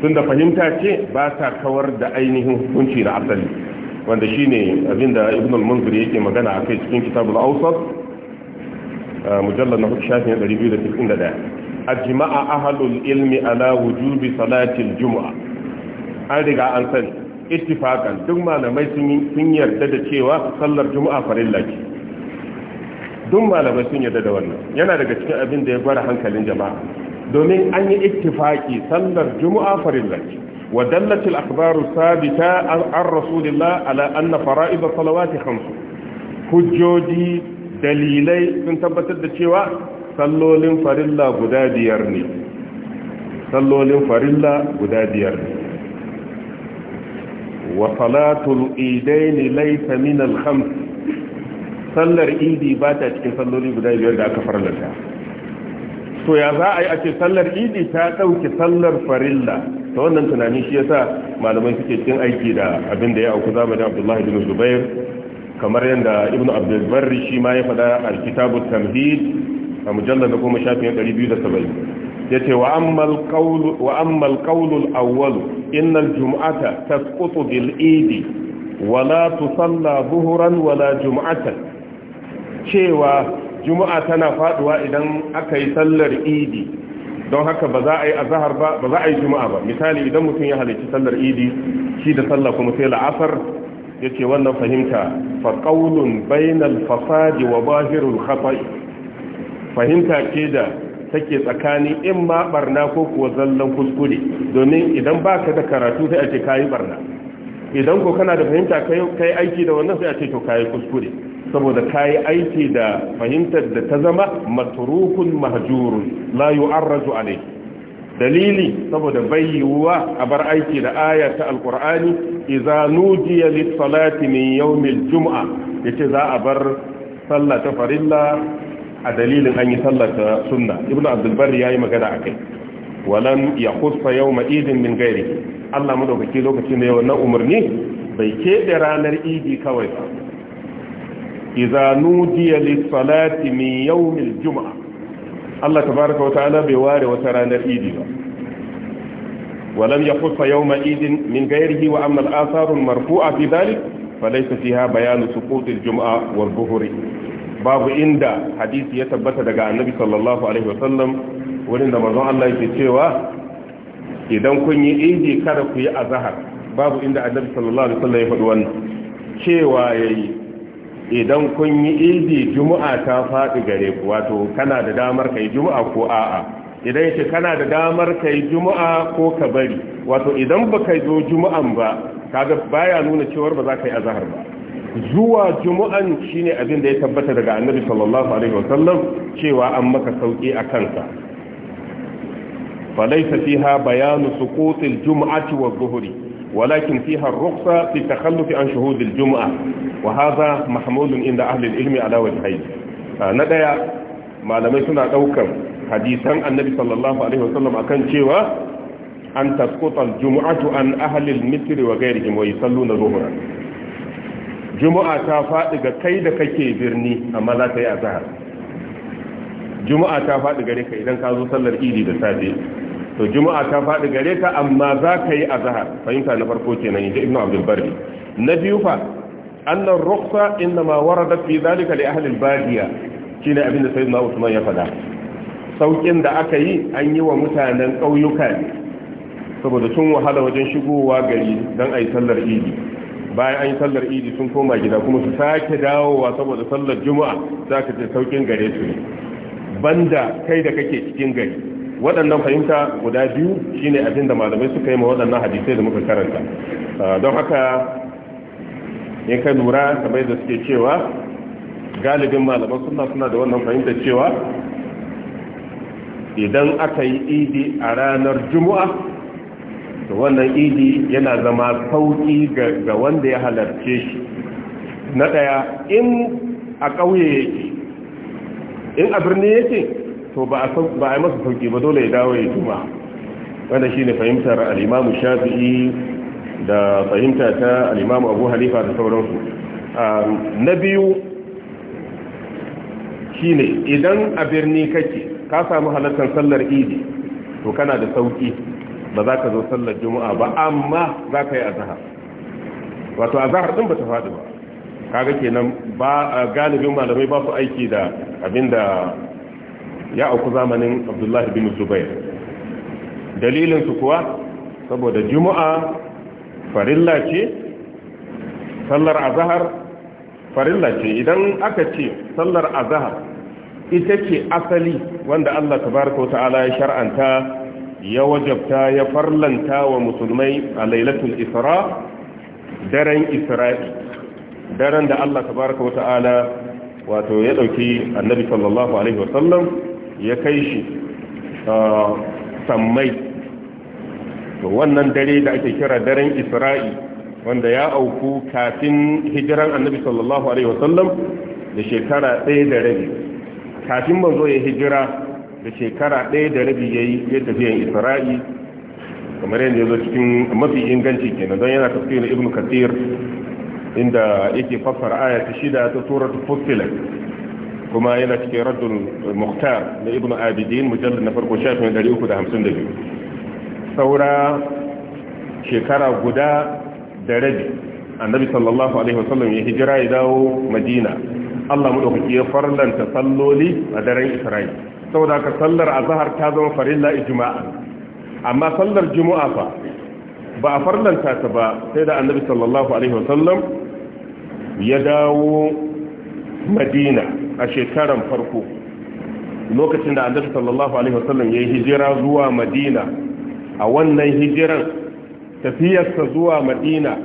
A: tun da fahimta ce ba ta kawar da ainihin hukunci na asali wanda shi ne abinda ibn al-munzir yake magana a kai cikin kitabul awsat mujallar na hudu shafin 291 ajma'a ahlul ilmi ala wujubi salatil juma'a an riga an sani ittifaqan duk malamai sun yarda da cewa sallar juma'a farilla ce duk malamai sun yarda da wannan yana daga cikin abin da ya gwara hankalin jama'a domin an yi ittifaki sallar juma'a farilla wa dallatul akhbaru sabita an rasulillah ala anna fara'id as khams hujjoji dalilai sun tabbatar da cewa sallolin farilla guda biyar ne sallolin farilla guda biyar ne wa salatul idaini laysa min al-khams sallar idi ba ta cikin salloli guda biyar da aka farlata to ya za a yi a ce sallar idi ta ɗauke sallar farilla ta wannan tunani shi yasa malamai suke cikin aiki da abin da ya auku zamanin abdullahi bin zubair kamar yadda ibnu abdul barri shi ma ya faɗa a kitabu tamhid a mujallar da goma shafin ɗari biyu da saba'in ya ce wa ammal ƙaunul awwalu innal jum'ata tasqutu bil idi wala tusalla buhuran wala jum'atan cewa juma'a tana faduwa idan aka yi sallar idi don haka ba za a yi azahar ba ba za a yi juma'a ba misali idan mutum ya halarci sallar idi shi da sallar kuma sai la'asar ya ce wannan fahimta fa ƙaunin bainal fasadi wa bahirul khafai fahimta ke da take tsakanin in ma barna ko kuwa zallan kuskure domin idan ba ka da karatu sai a ce kayi barna idan ko kana da fahimta kai aiki da wannan sai a ce to kayi kuskure saboda kayi aiki da fahimtar da ta zama matrukun mahjurun la yu'arraju alayhi dalili saboda bayyuwa a bar aiki da aya ta alqur'ani idza nudiya lis-salati min yawmil jum'a yace za a bar sallah ta farilla a dalilin an yi sallah ta sunna ibnu abdul ya yayi magana akai walan yakhussa ma idin min ghairi Allah madaukaki lokacin da yawan umarni bai keɓe ranar idi kawai ba idza nudiya lis-salati min yawmil jum'a Allah tabaaraka wa ta'ala bai ware wata ranar idi ba ولم يخص يوم عيد من غيره وأما الآثار المرفوعة في ذلك فليس فيها بيان سقوط الجمعة والظهر babu inda hadisi ya tabbata daga annabi sallallahu alaihi wa sallam, wurin da manzon Allah yake cewa idan kun yi idi kada ku yi azhar babu inda annabi sallallahu alaihi wa sallam ya faɗi wannan cewa yayi idan kun yi idi juma'a ta faɗi gare ku wato kana da damar kai juma'a ko a'a idan shi kana da damar kai juma'a ko ka bari wato idan ba kai zo juma'an ba kaga baya nuna cewar ba za ka yi azhar ba zuwa juma'an shine abin da ya tabbata daga annabi sallallahu alaihi wasallam cewa an maka sauki a kanka falaysa fiha bayanu suqutil juma'ati wa dhuhri ولكن فيها الرخصة في التخلف عن شهود الجمعة وهذا محمول عند أهل العلم على وجهين ندعي ما لم يكن أوكم حديثا النبي صلى الله عليه وسلم أكن شوى أن تسقط الجمعة عن أهل المتر وغيرهم ويصلون ظهرا جمعة تفاتق كيد كي برني أما لا تيأزهر جمعة تفاتق لك إذا كان صلى الإيدي بسادي to juma'a ta faɗi gare ka amma za ka yi zahar fahimta na farko kenan yanzu ibnu abdul na biyu fa annan rukhsa ma warada fi zalika li ahli al-badiya shine abin da sayyidina usman ya faɗa saukin da aka yi an yi wa mutanen ƙauyuka ne saboda sun wahala wajen shigowa gari don a yi sallar idi bayan an yi sallar idi sun koma gida kuma su sake dawowa saboda sallar juma'a za ka ce saukin gare su ne banda kai da kake cikin gari waɗannan fahimta guda biyu shine abin da malamai suka yi ma waɗannan hadisai da muka karanta ah, don haka in ka lura kamar da suke cewa galibin malaman suna suna da wannan fahimta cewa idan aka yi idi a ranar juma'a to wannan idi yana zama sauki ga wanda ya halarce shi na ɗaya in a ƙauye yake in a birni yake to ba a yi masa sauki ba dole ya dawo ya juma wanda shi ne fahimtar al'imamu shafi'i da fahimta ta al'imamu abu halifa da sauransu na biyu shi ne idan a birni kake ka samu halartar sallar idi to kana da sauki ba za ka zo sallar juma'a ba amma za ka yi azahar wato azahar ɗin ba ta faɗi ba kaga kenan ba galibin malamai ba su aiki da abinda ya auku zamanin abdullahi bin zubair dalilinsu kuwa saboda juma'a farilla ce sallar azahar farilla ce idan aka ce sallar azahar ita ce asali wanda allah tabaraka ta'ala ya shar'anta ya wajabta ya farlanta wa musulmai a lailatul isra daren isra'i daren da allah tabaraka ta'ala wato ya ɗauki annabi sallallahu alaihi wasallam ya kai shi sammai to wannan dare da ake kira daren isra'i wanda ya auku kafin hijiran annabi sallallahu alaihi wasallam da shekara ɗaya da rabi kafin manzo ya hijira da shekara ɗaya da rabi ya yi ya tafiyan isra'i kamar yadda ya zo cikin mafi inganci kenan don yana tafsir Ibnu kathir inda yake fassara aya ta shida ta surat fussilat kuma yana cikin raddul muhtar na ibnu abidin mujallar na farko shafin 352 saura shekara guda da rabi annabi sallallahu alaihi wasallam ya hijira ya dawo madina Allah madaukaki ya farlanta salloli a daren Isra'il saboda haka sallar azahar ta zama farilla ijma'a amma sallar juma'a fa ba a farlanta ta ba sai da annabi sallallahu alaihi wasallam ya dawo madina a shekaran farko lokacin da annabi sallallahu alaihi wasallam ya yi hijira zuwa madina a wannan hijiran tafiyarsa zuwa madina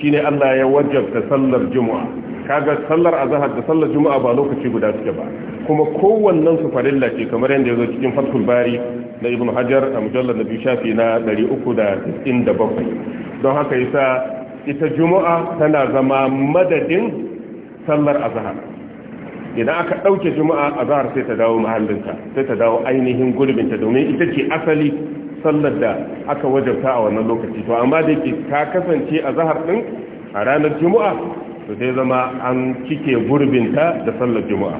A: shine Allah ya wajabta sallar juma'a kaga sallar azhar da sallar juma'a ba lokaci guda suke ba kuma kowannen su farilla ce kamar yadda yazo cikin fathul bari na ibn hajar a mujallal nabi shafi na 397 don haka yasa ita juma'a tana zama madadin sallar azhar idan aka ɗauke juma'a zahar sai ta dawo mahallinta sai ta dawo ainihin gurbinta domin ita ce asali sallar da aka wajabta a wannan lokaci to amma da ke ta kasance zahar ɗin, a ranar juma'a to sai zama an cike gurbinta da sallar juma'a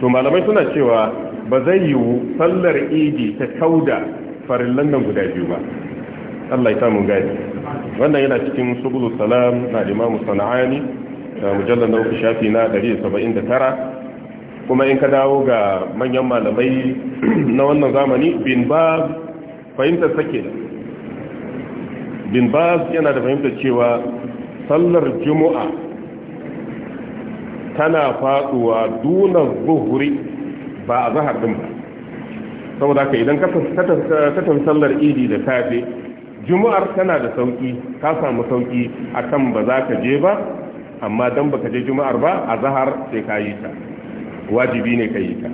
A: to malamai suna cewa ba zai yiwu sallar idi ta kauda farillan nan guda biyu ba Allah ya samu gani wannan yana cikin subulus salam na imamu sana'ani Eh, mujallar na uku shafi na 179 kuma in ka dawo ga manyan malamai <clears throat> na wannan zamani bin ba fahimtar sake da bin ba yana da fahimtar cewa sallar juma'a tana faduwa dunar zuhuri ba a zahar din ba saboda ka idan ka tafi sallar idi da safe juma'ar tana da sauki ka samu sauki akan ba za ka je ba amma dan baka je juma'ar ba a zahar sai ka yi ta wajibi ne ka yi ta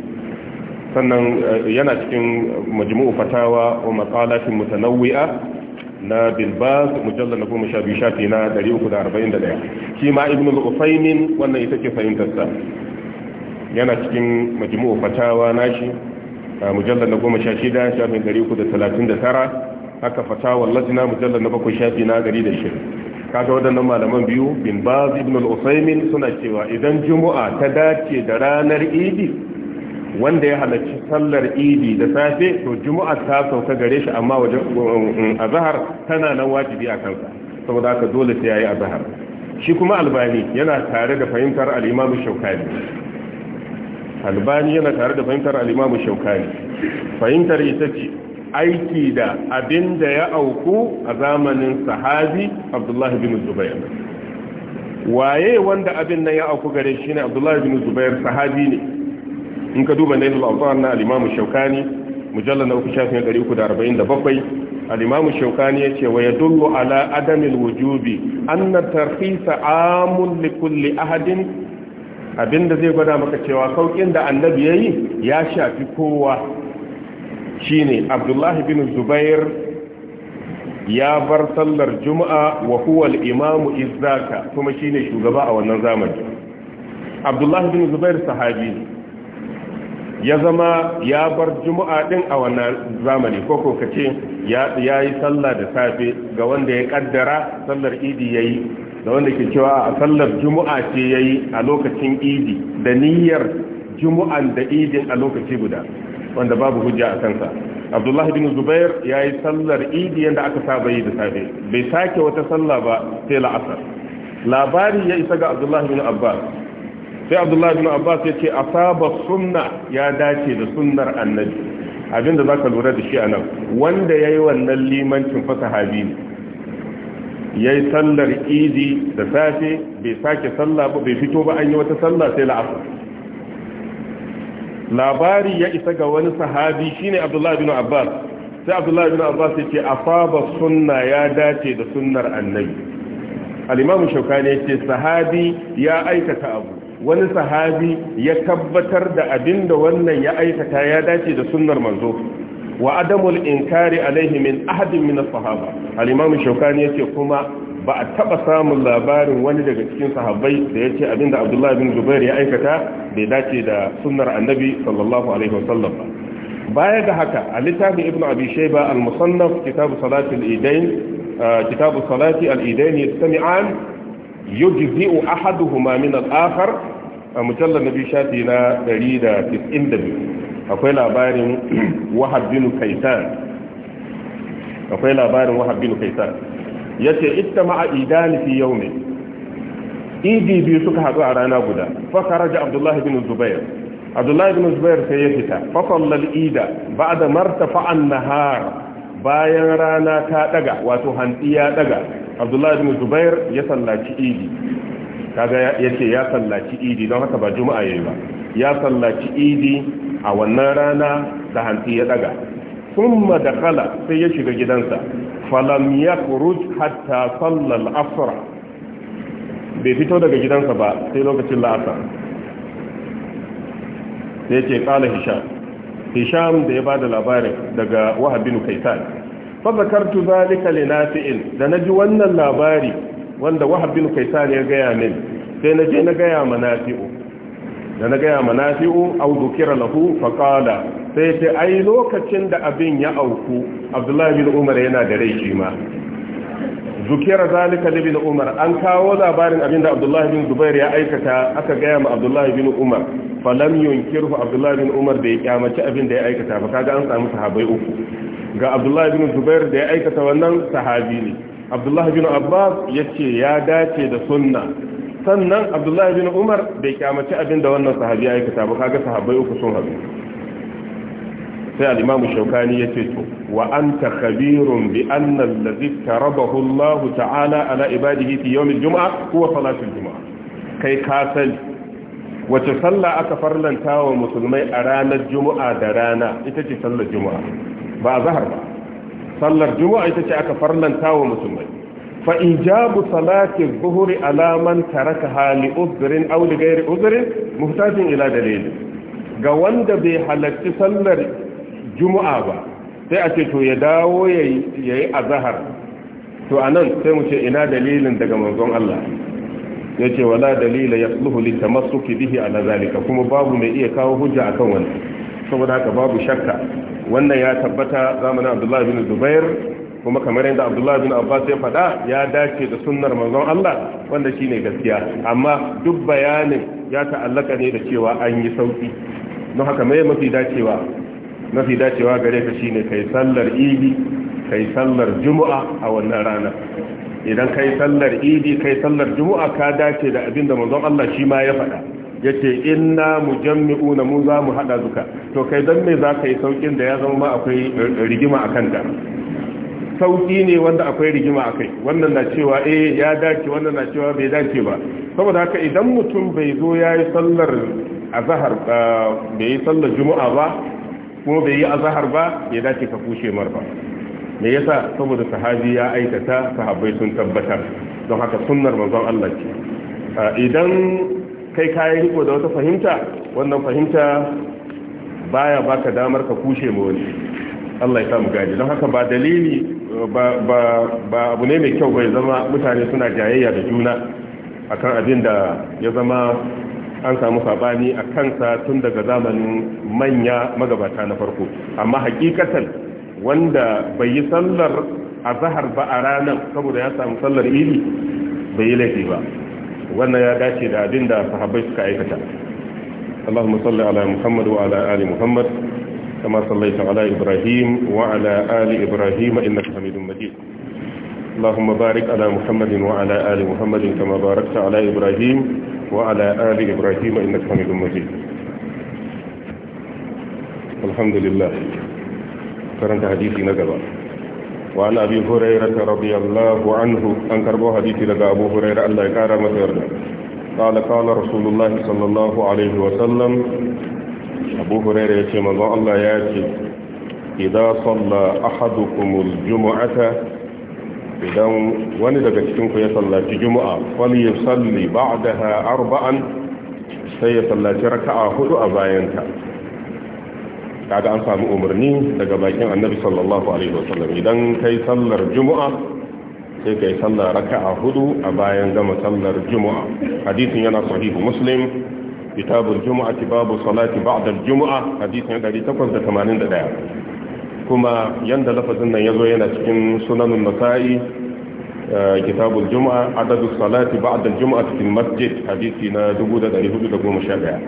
A: sannan eh, yana cikin majmu'u fatawa wa maqalatin mutanawwi'a na bilbas mujallal na goma sha biyu shafi na 341 shi ma ibnu al wannan ita ce fahimtar sa yana cikin majmu'u fatawa nashi mujallal na goma sha shida shafin 339 haka fatawa lajna mujallal na bakwai shafi na 120 kaga waɗannan malaman biyu bin baz ibn al-usaymin suna cewa idan Jumu'a ta dace da ranar idi wanda ya halarci sallar idi da safe to Jumu'a ta sauka gare shi amma wajen um, um, azhar tana nan wajibi a kansa saboda haka dole sai yayi azhar shi kuma albani yana tare da fahimtar al-imam shaukani albani yana tare da fahimtar al-imam shaukani fahimtar ita ce aiki da abin da ya auku a zamanin sahabi abdullahi bin zubair waye wanda abin nan ya auku gare shi ne abdullahi bin zubair sahabi ne in ka duba nailul awtar na al-imam shaukani mujallal na 347 al-imam shaukani yace wa dullu ala adamil wujubi anna tarkhisa amun li kulli ahadin abinda zai gwada maka cewa saukin da annabi ya yi ya shafi kowa shine abdullahi bin zubair ya bar sallar juma'a wa huwal imamu izzaka kuma ne shugaba a wannan zamani abdullahi bin zubair sahabi ya zama ya bar juma'a din a wannan zamani ko ko ya yayi sallah da safe ga wanda ya kaddara sallar idi yayi da wanda ke cewa a sallar juma'a ce yayi a lokacin idi da niyyar juma'an da idin a lokaci guda wanda babu hujja a kansa abdullahi bin zubair ya yi sallar idi yadda aka saba yi da safe bai sake wata sallah ba sai la'asar labari ya isa ga abdullahi bin abbas sai abdullahi bin abbas ya ce asaba sunna ya dace da sunnar annabi abinda za ka lura da shi a nan wanda ya yi wannan limancin fa sahabi ne ya yi sallar idi da safe bai sake sallah ba bai fito ba an yi wata sallah sai la'asar labari ya isa ga wani sahabi shine abdullahi bin abbas sai abdullahi bin abbas yake afaba sunna ya dace da sunnar annabi al-imam shaukani yake sahabi ya aikata abu wani sahabi ya tabbatar da abinda wannan ya aikata ya dace da sunnar manzo wa adamul inkari alaihi min ahadin min as-sahaba al-imam shaukani yake kuma ba a taba samun labarin wani daga cikin sahabbai da ya ce abinda abdullahi bin zubair ya aikata bai dace da sunnar annabi sallallahu alaihi wasallam ba baya ga haka a littafin ibn abi shayba al-musannaf kitabu salati al-idain kitabu salati al-idain yastami'an yujzi'u ahaduhuma min al-akhar a mujallar nabi shafi na 192 akwai labarin wahab bin kaisan akwai labarin wahab bin yace ittama idani fi ne. idi biyu suka haɗu a rana guda fa kharaja abdullahi bin zubair abdullahi bin zubair sai ya fita fakallal sallal ida ba'da martafa an-nahar bayan rana ta daga wato hantsi ya daga abdullahi bin zubair ya sallaci idi kaga yace ya sallaci idi don haka ba juma'a ya yi ba ya sallaci idi a wannan rana da hantsi ya daga thumma dakhala sai ya shiga gidansa falam yakhruj hatta salla al-asr bai fito daga gidansa ba sai lokacin la'asar sai ce kala hisham hisham da ya da labarin daga wahab bin kaitan fa zakartu zalika li nafi'in da naji wannan labari wanda wahab bin kaitan ya gaya min sai je na gaya ma nafi'u da na gaya ma nafi'u au dhukira lahu fa qala sai ce ai lokacin da abin ya auku abdullahi bin umar yana da rai shi ma zukiyar zalika da bin umar an kawo labarin abin da abdullahi bin zubair ya aikata aka gaya ma abdullahi bin umar falam yunkirhu abdullahi bin umar da ya kyamaci abin da ya aikata ba kaga an samu sahabbai uku ga abdullahi bin zubair da ya aikata wannan sahabi ne abdullahi bin abbas yace ya dace da sunna sannan abdullahi bin umar bai kyamaci abin da wannan sahabi ya aikata ba kaga sahabbai uku sun haɗu sai al Shaukani ya ce to wa anta khabirun bi anna allazi raba Hullahu ta'ala ala ibadihi fi yawm al-jum'a huwa salatu al-jum'a kai ka san wace sallah aka farlanta wa musulmai a ranar juma'a da rana ita ce sallar juma'a ba a zahar ba sallar juma'a ita ce aka farlanta wa musulmai فإيجاب صلاة الظهر على من تركها لأذر أو لغير أذر محتاج ila dalilin, ga wanda bai halarci sallar juma'a ba sai a ce to ya dawo ya yi azahar to a nan sai mu ce ina dalilin daga manzon Allah ya ce wala dalila ya tsuhu litamassuki bihi ala zalika kuma babu mai iya kawo hujja akan wannan saboda haka babu shakka wannan ya tabbata zamanin Abdullah bin Zubair kuma kamar yadda Abdullah bin Abbas ya faɗa ya dace da sunnar manzon Allah wanda shi ne gaskiya amma duk bayanin ya ta'allaka ne da cewa an yi sauki don haka mai mafi dacewa mafi dacewa gare ka shine kai sallar idi kai sallar juma'a a wannan rana idan kai sallar idi kai sallar juma'a ka dace da abin da manzon Allah shi ma ya faɗa yace inna mujammi'una mun za mu hada zuka to kai dan me za ka yi saukin da ya zama ma akwai eh, rigima akan ka sauki ne wanda akwai rigima akai wannan na cewa eh ya dace wannan na cewa bai dace ba saboda haka idan mutum bai zo yayi yi sallar azhar eh, bai yi sallar juma'a ba kuma bai yi azahar ba ya dace ka kushe mar ba me yasa saboda sahabi ya aikata sahabbai sun tabbatar don haka sunnar manzon Allah ce idan kai kayan riko da wata fahimta wannan fahimta baya baka damar ka kushe mu wani Allah ya samu gaji don haka ba dalili ba abu ne mai kyau bai zama mutane suna jayayya da juna akan abin da ya zama an samu sabani a kansa tun daga zamanin manya magabata na farko amma hakikatan wanda bai yi sallar a zahar ba a ranar saboda ya samu sallar ili bai yi laifi ba wannan ya dace da abin da sahabai suka aikata Allahumma salli ala Muhammad wa ala ali Muhammad kama sallaita ala Ibrahim wa ala ali Ibrahim innaka Hamidum Majid اللهم بارك على wa وعلى آل محمد kama باركت على ibrahim. وعلى آل إبراهيم إنك حميد مجيد الحمد لله كرنت حديثي نقبا وعن أبي هريرة رضي الله عنه أنكر به حديثي لقى أبو هريرة الله يكارم سيرنا قال قال رسول الله صلى الله عليه وسلم أبو هريرة يتيم الله الله ياتي إذا صلى أحدكم الجمعة idan wani daga cikinku ya sallaci juma'a wani ya salli ba da arba'an sai ya sallaci raka'a hudu a bayanta kaga an sami umarni daga bakin annabi sallallahu alaihi wasallam idan kai sallar juma'a sai kai sallar raka'a hudu a bayan gama sallar juma'a hadisin yana sahihu muslim kitabul juma'ati babu salati ba'da al-jum'a hadisin 881 kuma yanda lafazin nan zo yana cikin sunanun a eh, kitabun juma'a adadu salati ba'da al-jum'a masjid hadisi na 1411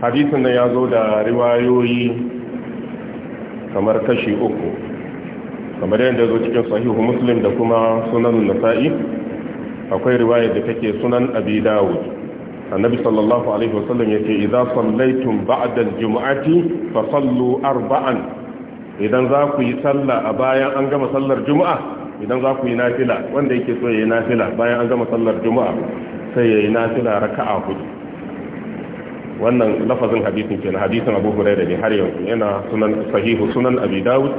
A: hadisin nan yazo da riwayoyi kamar kashi uku kamar yadda zo cikin sahihu muslim da kuma sunanun nasa'i akwai riwaya da take sunan abi dawud annabi sallallahu alaihi wasallam yace idza sallaitum ba'da al-jum'ati fa sallu arba'an idan za ku yi sallah a bayan an gama sallar juma'a idan za ku yi nafila wanda yake so yi nafila bayan an gama sallar juma'a sai yayi nafila raka'a hudu wannan lafazin hadisin na hadisin Abu Hurairah ne har yanzu yana sunan sahihu sunan Abi Dawud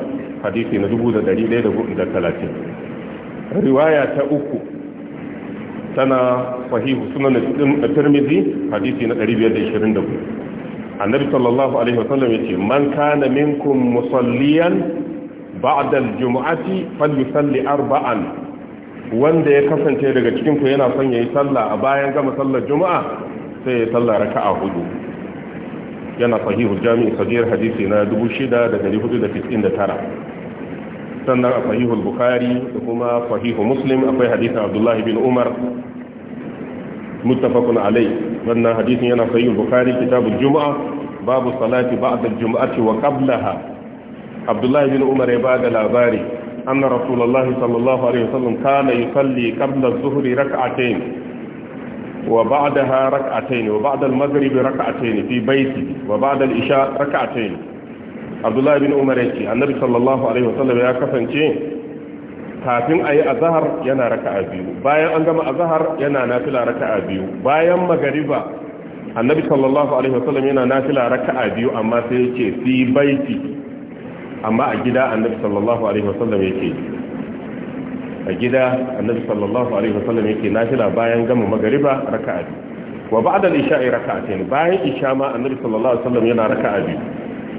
A: hadisi na dubu da da da dari talatin. riwaya ta uku tana sahihu sunan Tirmidhi hadisi na annabi sallallahu alaihi wasallam yace man kana minkum musalliyan ba'da aljum'ati falyusalli arba'an wanda ya kasance daga cikin ku yana son yayi sallah a bayan gama sallar juma'a sai ya sallah raka'a hudu yana sahihul jami' sahih hadisi na 6499 sannan a sahihul Bukhari da kuma sahihu muslim akwai hadisin abdullahi bin umar muttafaqun alai. wannan hadisin yana sayyid bukhari kitabul juma'a babu salati ba'da al-jum'ati wa qablaha abdullahi bin umar ya bada labari anna rasulullah sallallahu alaihi wasallam kana yusalli qabla adh-dhuhri rak'atayn wa ba'daha rak'atayn wa ba'da al-maghrib rak'atayn fi baiti wa ba'da al-isha rak'atayn abdullahi bin umar ya ce annabi sallallahu alaihi wasallam ya kasance kafin a yi azahar yana raka'a biyu bayan an gama azahar yana nafila raka'a biyu bayan magariba annabi sallallahu alaihi wasallam yana nafila raka'a biyu amma sai yake fi baiti amma a gida annabi sallallahu alaihi wasallam yake a gida annabi sallallahu alaihi wasallam yake nafila bayan gama magariba raka'a biyu wa ba'da al-isha'i raka'atayn bayan isha ma annabi sallallahu alaihi wasallam yana raka'a biyu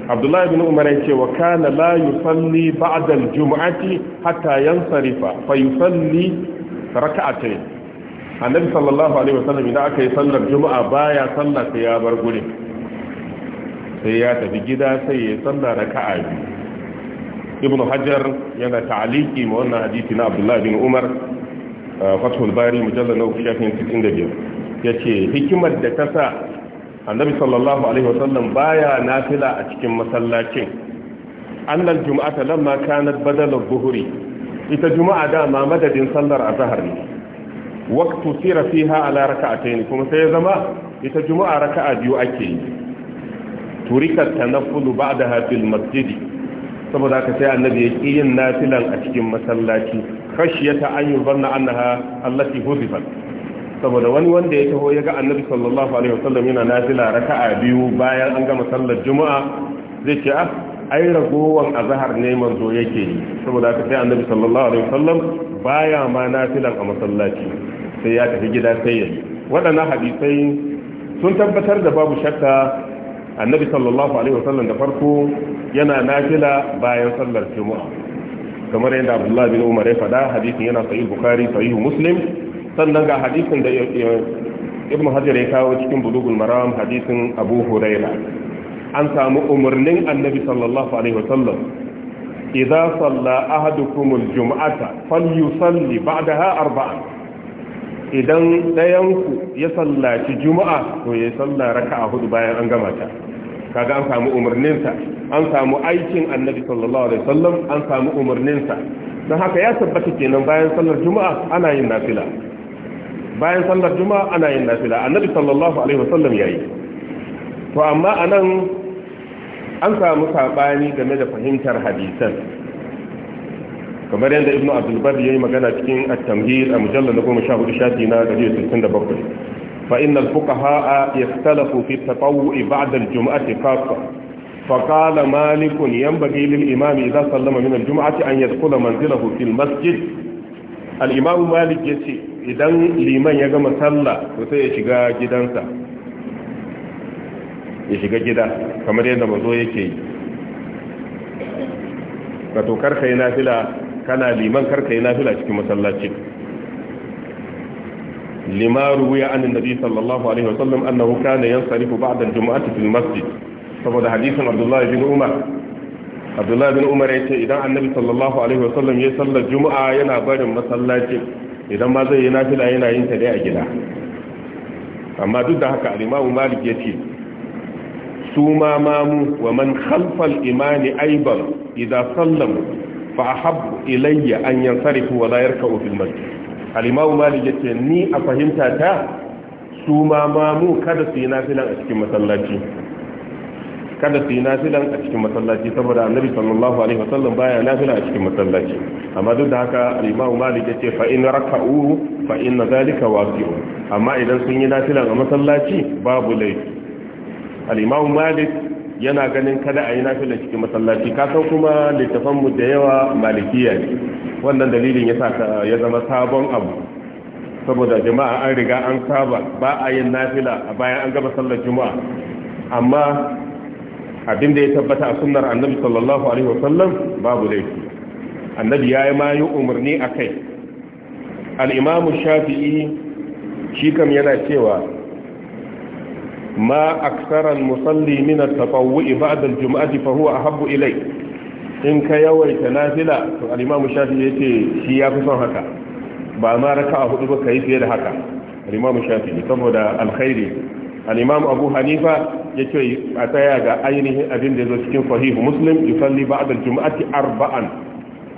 A: abdullahi bin umar ya ce wa kana la yusalli ba'da al-jum'ati hatta yansarifa fa yusalli rak'atayn annabi sallallahu alaihi wasallam idan aka yi sallar juma'a baya sallar sai ya bar gurin sai ya tafi gida sai ya sallar raka'a biyu ibn hajar yana ta'aliki ma wannan hadisi na abdullahi bin umar uh, fathul bari mujallal na shafin 65 yace hikimar da ta sa annabi sallallahu alaihi wasallam baya nafila a cikin masallacin annal jum'ata lamma kanat badal adh-dhuhri ita juma'a dama madadin sallar azhar ne waqtu sira fiha ala rak'atayn kuma sai ya zama ita juma'a raka'a biyu ake yi turika tanaffulu ba'daha fil masjid saboda haka sai annabi ya ki yin nafilan a cikin masallaci khashiyata an yubanna annaha allati hudifat saboda wani wanda ya taho ya ga annabi sallallahu alaihi wasallam yana nafila raka'a biyu bayan an gama sallar juma'a zai ce ah ai ragowan azhar ne manzo yake yi saboda haka sai annabi sallallahu alaihi wasallam baya ma nafilan a masallaci sai ya tafi gida sai ya wadannan hadisai sun tabbatar da babu shakka annabi sallallahu alaihi wasallam da farko yana nafila bayan sallar juma'a kamar yadda abdullahi bin umar ya faɗa hadisin yana sahih bukhari sahih muslim sannan ga hadisin da ibn hajar ya kawo cikin bulugul maram hadisin abu huraira an samu umarnin annabi sallallahu alaihi wasallam idza salla ahadukum aljum'ata falyusalli ba'daha arba'an idan dayanku ya sallaci juma'a to ya salla raka'a hudu bayan an gama ta kaga an samu umarnin sa an samu aikin annabi sallallahu alaihi wasallam an samu umarnin sa don haka ya tabbata kenan bayan sallar juma'a ana yin nafila bayan sallar juma'a ana yin nafila annabi sallallahu alaihi wasallam yayi to amma anan an samu sabani game da fahimtar hadisan kamar yadda ibnu abdul bar yayi magana cikin at-tamhid a mujallal 14 shafi na 167 فإن الفقهاء يختلفوا في التطوع بعد الجمعة خاصة فقال مالك ينبغي للإمام إذا سلم من الجمعة أن يدخل منزله في المسجد الإمام مالك يسير idan liman ya gama sallah to sai ya shiga gidansa ya shiga gida kamar yadda mazo yake yi ka to karka yi nafila kana liman karka yi nafila cikin masallaci Limaru ruwiya an nabi sallallahu alaihi wasallam annahu kana yansarifu ba'da al-jum'ati fil masjid saboda hadisin abdullahi bin umar abdullahi bin umar yace idan annabi sallallahu alaihi wasallam ya sallar juma'a yana barin masallaci idan ma zai yi nafila yana yin ta dai a gida amma duk da haka al Malik ya yace su ma mamu wa man imani aiban idan sallam fa ahabbu ilayya an yansarifu wa la yarka'u fil masjid al Malik ya yace ni a fahimta ta su ma mamu kada su yi nafilan a cikin masallaci kada su yi nafilan a cikin masallaci saboda annabi sallallahu alaihi wasallam baya nafila a cikin masallaci amma duk da haka al-imamu malik yace fa in raka'u fa in zalika wasi'u amma idan sun yi nafilan a masallaci babu laifi al-imamu malik yana ganin kada a yi nafila cikin masallaci ka san kuma littafan mu da yawa malikiya ne wannan dalilin yasa ya zama sabon abu saboda jama'a an riga an saba ba a yin nafila a bayan an gaba sallar juma'a amma abinda ya tabbata a sunnar annabi sallallahu alaihi sallam babu laifi annabi ya yi mayu umarni a kai al'imamu shafi'i shi kam yana cewa ma aksaran musalli minar taɓawu'i ba'adar juma'ati fahuwa a habbu ilai in ka yawaita nafila to al'imamu shafi'i ya ce shi ya fi son haka ba ma raka a hudu ba ka yi fiye da haka al'imamu shafi'i saboda alkhairi al-imam abu hanifa ya yace a tsaya ga ainihin abin da zo cikin sahihu muslim yusalli ba'd al-jum'ati arba'an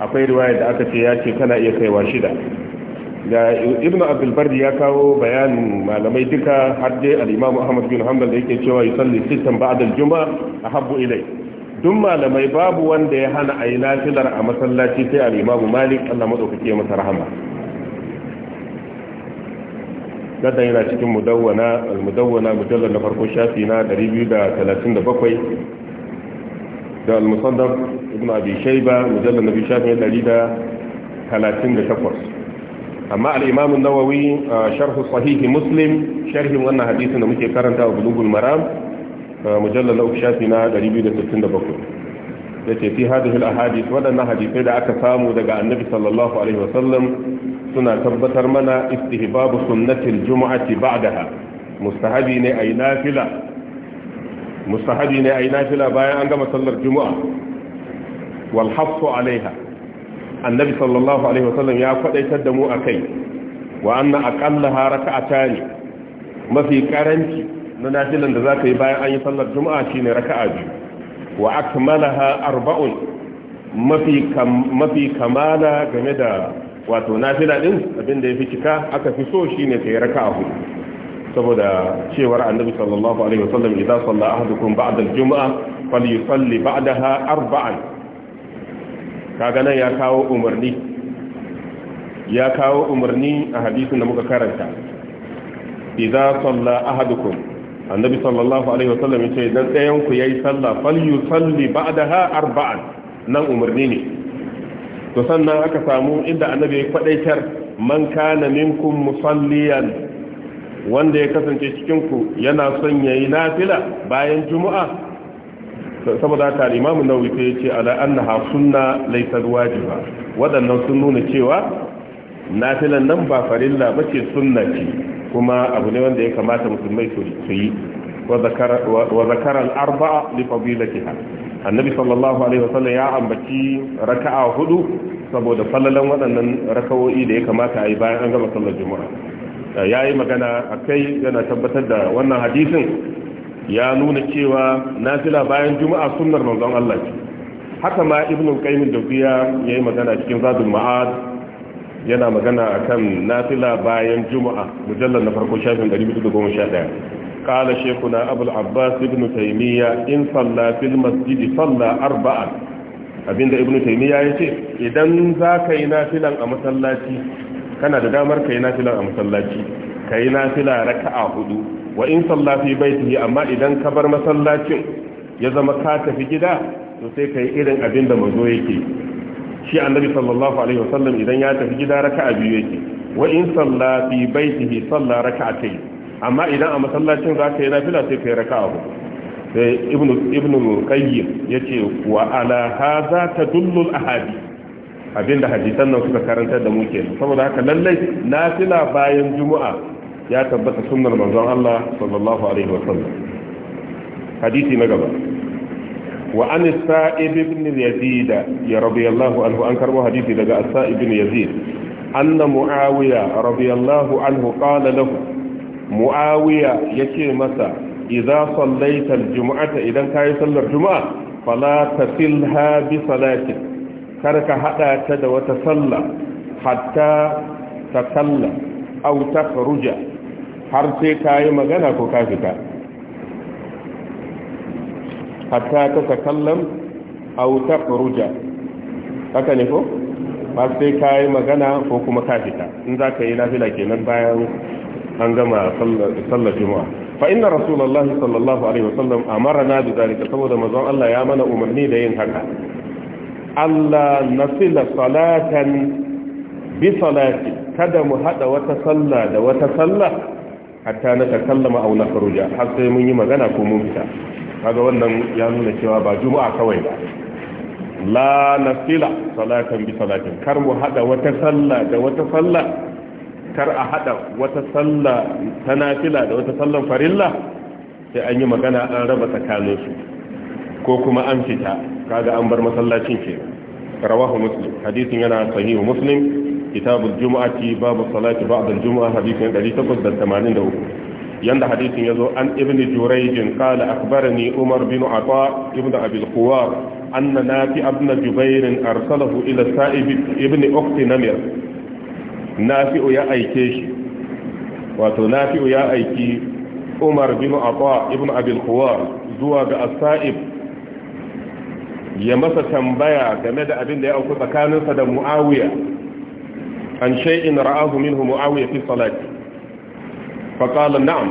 A: akwai riwaya da aka ce ya yace kana iya kaiwa shida da ibnu abdul bardi ya kawo bayanin malamai duka har dai al bin hanbal da yake cewa yusalli sittan ba'd al-jum'a ahabbu ilay duk malamai babu wanda ya hana ayi nafilar a masallaci sai al-imam malik Allah madaukake masa rahama gadan yana cikin mudawwana al-mudawwana mujallal na farko shafi na 237 da al-musaddaq ibn abi shayba mujallar na shafi na 138 amma al-imam an-nawawi sharh sahih muslim sharhin wannan hadisin da muke karanta a bulugul maram mujallar na shafi na 267 yace fi hadhihi al-ahadith wadannan hadithai da aka samu daga annabi sallallahu alaihi wa sallam suna tabbatar mana istihbabu sunnati al-jum'ati ba'daha mustahabi ne ay nafila mustahabi ne ay nafila bayan an gama sallar juma'a wal hasu alaiha annabi sallallahu alaihi wa sallam ya kwadaitar da mu akai wa anna aqallaha raka'atani mafi karanci na nafilan da zaka yi bayan an yi sallar juma'a shine raka'a biyu wa akmalaha arba'un mafi mafi kamala game da wato nafila din abin da yafi cika aka fi so shine kai raka'a hudu saboda cewar annabi sallallahu alaihi wasallam idza salla ahadukum ba'da al-jum'a falyusalli ba'daha arba'an kaga nan ya kawo umarni ya kawo umarni a hadisin da muka karanta idza salla ahadukum annabi sallallahu alaihi wasallam ya ce dan ɗayan ku yayi sallah fal yusalli ba'daha arba'an nan umarni ne to sannan aka samu inda annabi ya kwadaitar man kana minkum musalliyan wanda ya kasance cikin ku yana son yayi nafila bayan juma'a saboda ta imamu nawawi sai yace, ce ala annaha sunna laysa wajiba wadannan sun nuna cewa nafilan nan ba farilla bace sunna ce kuma abu ne wanda ya kamata musulmai su yi wa zakara al-arba li annabi sallallahu alaihi sallam ya ambaci raka'a hudu saboda falalan waɗannan raka'o'i da ya kamata a yi bayan an gama sallar juma'a ya yi magana a kai yana tabbatar da wannan hadisin ya nuna cewa nafila bayan juma'a sunnar manzon Allah ce haka ma ibnu qayyim da ya yi magana cikin zadul ma'ad yana magana akan nafila bayan juma'a mujallar na farko shafin 411 kala shaykhuna abul abbas ibn taimiyya in salla fil masjid arba'an abinda ibn ya ce idan ka yi nafilan a masallaci kana da damar yi nafilan a masallaci yi nafila raka'a hudu wa in salla fi baitihi amma idan ka bar masallacin ya zama ka tafi gida to sai yi irin abinda mazo yake shi annabi sallallahu alaihi wasallam idan ya tafi gida raka'a biyu yake wa in salla fi baitihi salla kai amma idan a masallacin zaka yi nafila sai kai raka'a hudu sai ibnu ibnu qayyim yace wa ala hadha tadullu al ahadith abinda hadisan nan suka karantar da mu kenan saboda haka lallai nafila bayan juma'a ya tabbata sunnar manzon Allah sallallahu alaihi wasallam hadisi na gaba wa an sa'ib yazid ya radiyallahu anhu an karbo hadisi daga sa'ib ibn yazid anna muawiya radiyallahu anhu qala lahu muawiya yace masa idza sallaita aljum'ata idan kai sallar juma'a fala tasilha bi salati karka hada ta da wata sallah hatta takalla ka takhruja har sai kayi magana ko ka fita hatta ta takallam aw haka ne ko ba sai ka yi magana ko kuma ka fita in za ka yi nafila kenan bayan an gama sallar juma'a fa inna rasulullahi sallallahu alaihi wasallam na bi zalika saboda manzon Allah ya mana umarni da yin haka Allah nafila salatan bi salati kada mu hada wata sallah da wata sallah hatta na takallama aw nakhruja har sai mun yi magana ko mun fita kaga wannan ya nuna cewa ba juma'a kawai ba la nafila salatan bi salatin kar mu hada wata sallah da wata sallah kar a hada wata sallah ta nafila da wata sallan farilla sai an yi magana an raba tsakanin su ko kuma an fita kaga an bar masallacin ke rawahu muslim hadisin yana sahihu muslim kitabul jumu'ati babu salati ba'da al-jumu'a hadisin 883 yanda hadisin yazo an ibn jurayj qala akhbarani umar bin ata ibn abi al-quwar anna nafi ibn jubair arsalahu ila sa'ib ibn ukhti namir nafi ya aike shi wato nafi ya aiki umar bin ata ibn abi zuwa ga as ya masa tambaya game da abin da ya auku tsakaninsa da muawiya an shay'in ra'ahu minhu muawiya fi salati faƙalar na'am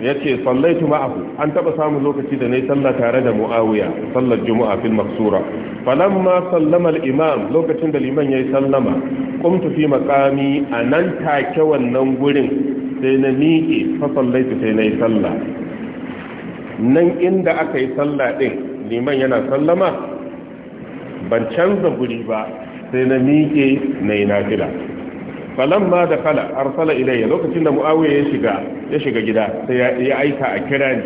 A: ya ce sallaitu ma'ahu an taɓa samun lokaci da na yi sallah tare da mu'awiya sallar juma'a fil maksura falon ma sallamar imam lokacin da liman ya yi sallama kumtu fi makami a nan take wannan gurin sai na miƙe fa sallaitu sai na yi sallah nan inda aka yi sallah ɗin liman yana sallama ban canza guri ba sai na miƙe na yi nafila falamma da kala arsala ilayya lokacin da muawiya ya shiga ya shiga gida sai ya aika a kira ni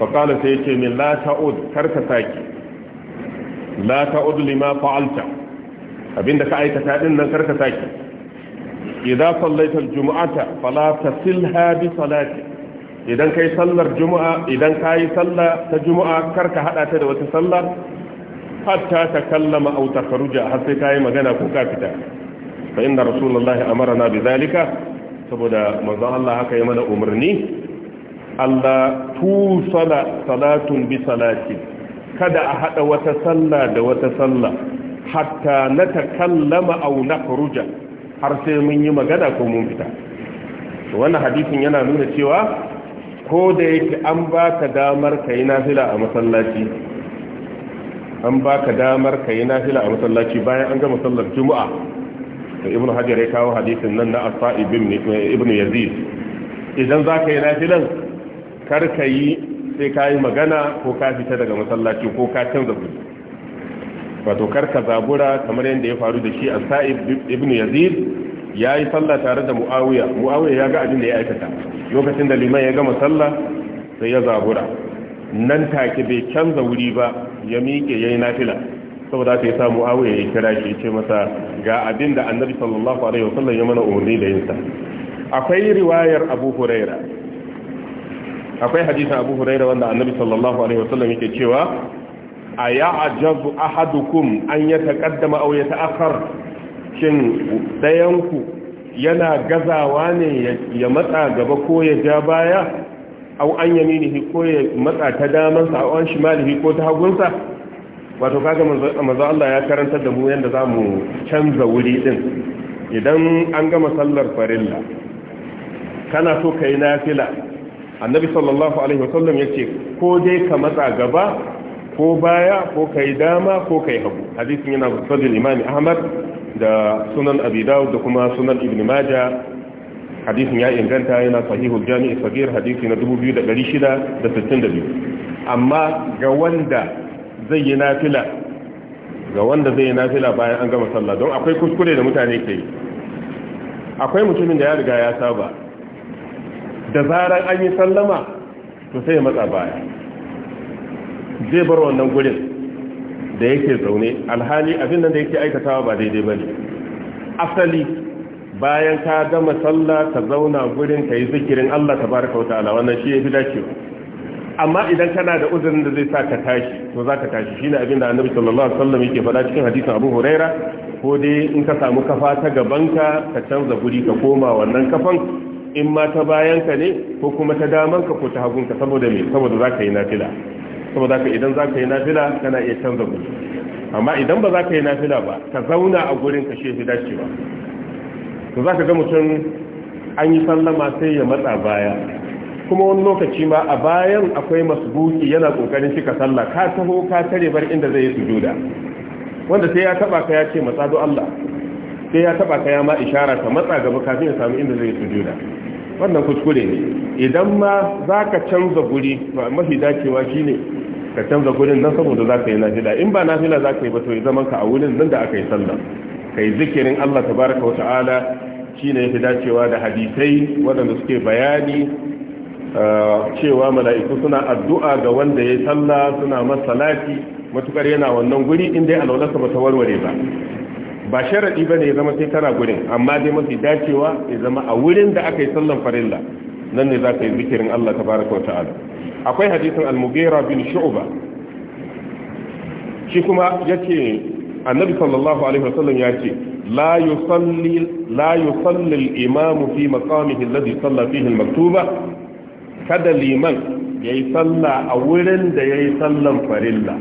A: fa qala sai yace min la ta'ud karka saki la ta'ud lima fa'alta abinda ka aikata din nan karka saki idza sallaita aljum'ata fala tasilha bi salati idan kai sallar juma'a idan kai salla ta juma'a karka hada ta da wata sallar hatta takallama aw takhruja har sai kai magana ko ka fita fa inna rasulullahi amarna zalika saboda manzo Allah haka ya mana umarni Allah tu sala salatun bi salati kada a hada wata sallah da wata sallah hatta natakallama aw nakhruja har sai mun yi magana ko mun fita wannan hadisin yana nuna cewa ko da yake an baka damar ka yi nafila a masallaci an baka damar ka yi nafila a masallaci bayan an gama sallar juma'a ibn hajar ya kawo hadisin nan na asfa ibn yazid idan za ka yi nafilan kar ka yi sai ka yi magana ko ka fita daga masallaci ko ka canza kuɗi wato kar ka zabura kamar yadda ya faru da shi asfa ibn yazid ya yi sallah tare da mu'awiya mu'awiya ya ga abin da ya aikata lokacin da liman ya gama sallah sai ya zabura nan take bai canza wuri ba ya miƙe ya yi nafila saboda yi sa muawiya ya kira shi ce masa ga abin da annabi sallallahu alaihi wasallam ya mana umarni da yinsa akwai riwayar abu huraira akwai hadisin abu huraira wanda annabi sallallahu alaihi wasallam yake cewa a ya'jazu ahadukum an taqaddama aw ta'akhkhar shin dayanku yana gazawa ne ya matsa gaba ko ya ja baya aw an yaminihi ko ya matsa ta damansa aw an shimalihi ko ta hagunsa wato kaga manzo Allah ya karantar da mu yanda mu canza wuri din idan an gama sallar farilla kana so kai nafila annabi sallallahu alaihi wasallam yace ko dai ka matsa gaba ko baya ko kai dama ko kai hagu hadisin yana sahih Imami Ahmad da sunan Abi Dawud da kuma sunan Ibn Maja. hadisin ya inganta yana sahihul jami sabir hadisi na 2662 amma ga wanda zai yi nafila ga wanda zai yi nafila bayan an gama sallah don akwai kuskure da mutane ke yi akwai mutumin da ya riga ya saba da zarar an yi sallama to sai ya matsa baya zai bar wannan gurin da yake zaune alhali abin da yake aikatawa ba daidai ba ne asali bayan ka gama sallah ka zauna gurin ka yi zikirin Allah ta baraka wa ta'ala wannan shi ya fi dacewa amma idan kana da uzurin da zai sa ka tashi to za ka tashi shine abin da annabi sallallahu alaihi wasallam yake faɗa cikin hadisin Abu Huraira ko dai in ka samu kafa ta gabanka ka canza guri ka koma wannan kafan in ma ta bayanka ne ko kuma ta damanka ko ta hagunka saboda me saboda za ka yi nafila saboda ka idan za ka yi nafila kana iya canza guri amma idan ba za ka yi nafila ba ka zauna a gurin ka shefi dacewa to za ka ga mutum an yi sallama sai ya matsa baya kuma wani lokaci ma a bayan akwai buki yana kokarin cika sallah ka taho ka tare bar inda zai yi sujuda wanda sai ya taba ka ya ce matsa do Allah sai ya taba ka ya ma ishara ka matsa gaba kafin ya samu inda zai yi sujuda wannan kuskure ne idan ma zaka canza guri ba mafi dacewa shine ka canza gurin nan saboda zaka yi nafila in ba nafila zaka yi ba to zaman ka a wurin nan da aka yi sallah kai zikirin Allah tabaraka wa ta'ala shine yafi dacewa da hadisai waɗanda suke bayani Eh, cewa mala'iku suna addu'a ga wanda ya sallah suna masalati matukar yana wannan guri inda alaularsa ba ta warware ba ba sharaɗi ba ne ya zama sai tana gurin amma dai mafi dacewa ya zama a wurin da aka yi sallan farilla nan ne za ka yi zikirin Allah ta baraka wa ta'ala akwai hadisin al-mughira bin shu'ba shi kuma yace annabi sallallahu alaihi wasallam yace la yusalli la yusalli al-imam fi maqamihi alladhi salla fihi al-maktuba kada liman ya yi sallah a wurin da ya yi tsallon farilla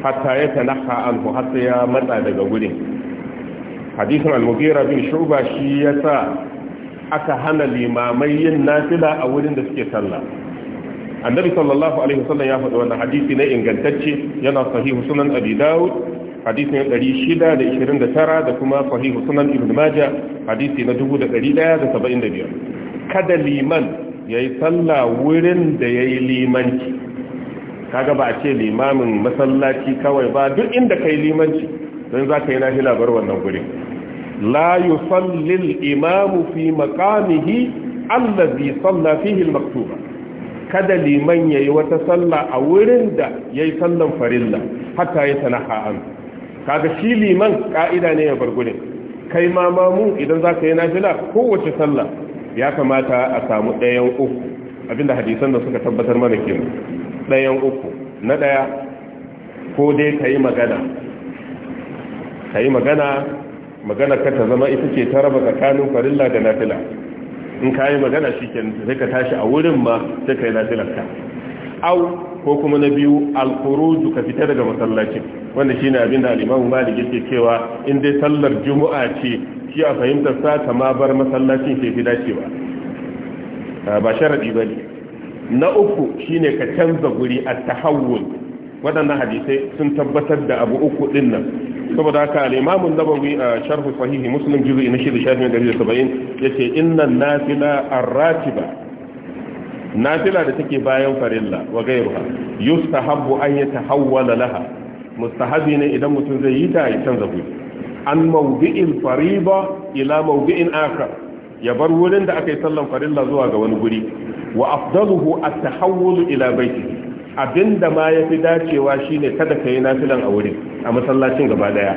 A: hatta ya tanaka anhu hatta ya matsa daga wurin hadisun al-mughira bin shuba shi ya sa aka hana limamai yin nafila a wurin da suke sallah annabi sallallahu alaihi wasallam ya faɗi wannan hadisi ne ingantacce yana sahihu sunan abi daud hadisi na 629 da kuma sahihu sunan ibn majah hadisi na 1175 kada liman ya yi sallah wurin da ya yi limanci kaga ba a ce limamin masallaci kawai ba duk inda ka yi limanci don za ka yi nashi labar wannan gurin la yi sallil imamu fi makamihi allazi salla fihi maktuba kada liman ya yi wata sallah a wurin da ya yi sallan farilla hatta ya sana an kaga shi liman ka'ida ne ya bar gurin kai ma mamu idan za ka yi nafila kowace sallah ya kamata a samu ɗayan uku abinda hadisan da suka tabbatar mana ke ɗayan uku na ɗaya ko dai ka yi magana ka yi magana magana ka ta zama ita ce ta raba tsakanin farilla da nafila in ka yi magana shi ke sai ka tashi a wurin ma sai ka yi nafilarka au ko kuma na biyu alkuru ka fita daga masallacin wanda shine abin da alimamu malik yake cewa in dai sallar juma'a ce shi a fahimtar sa ma bar masallacin ke fi dacewa ah, ba sharadi ba ne na uku shine ka canza guri a tahawul waɗannan hadisai sun tabbatar da abu uku ɗin nan saboda haka al'imamun nabawi a sharhu sahihi musulun juzu na shirin shafin ɗari da saba'in ya ce innan nafila arratiba nafila da take bayan farilla wa gairuha yustahabbu an ya tahawwala laha mustahabi ne idan mutum zai yi ta ya canza guri an mawdi'in fariba ila mawdi'in akhar ya bar wurin da aka yi sallan farilla zuwa ga wani guri wa afdaluhu at-tahawwul ila baiti abinda ma yafi dacewa shine kada ka yi nafilan a wurin a masallacin gaba daya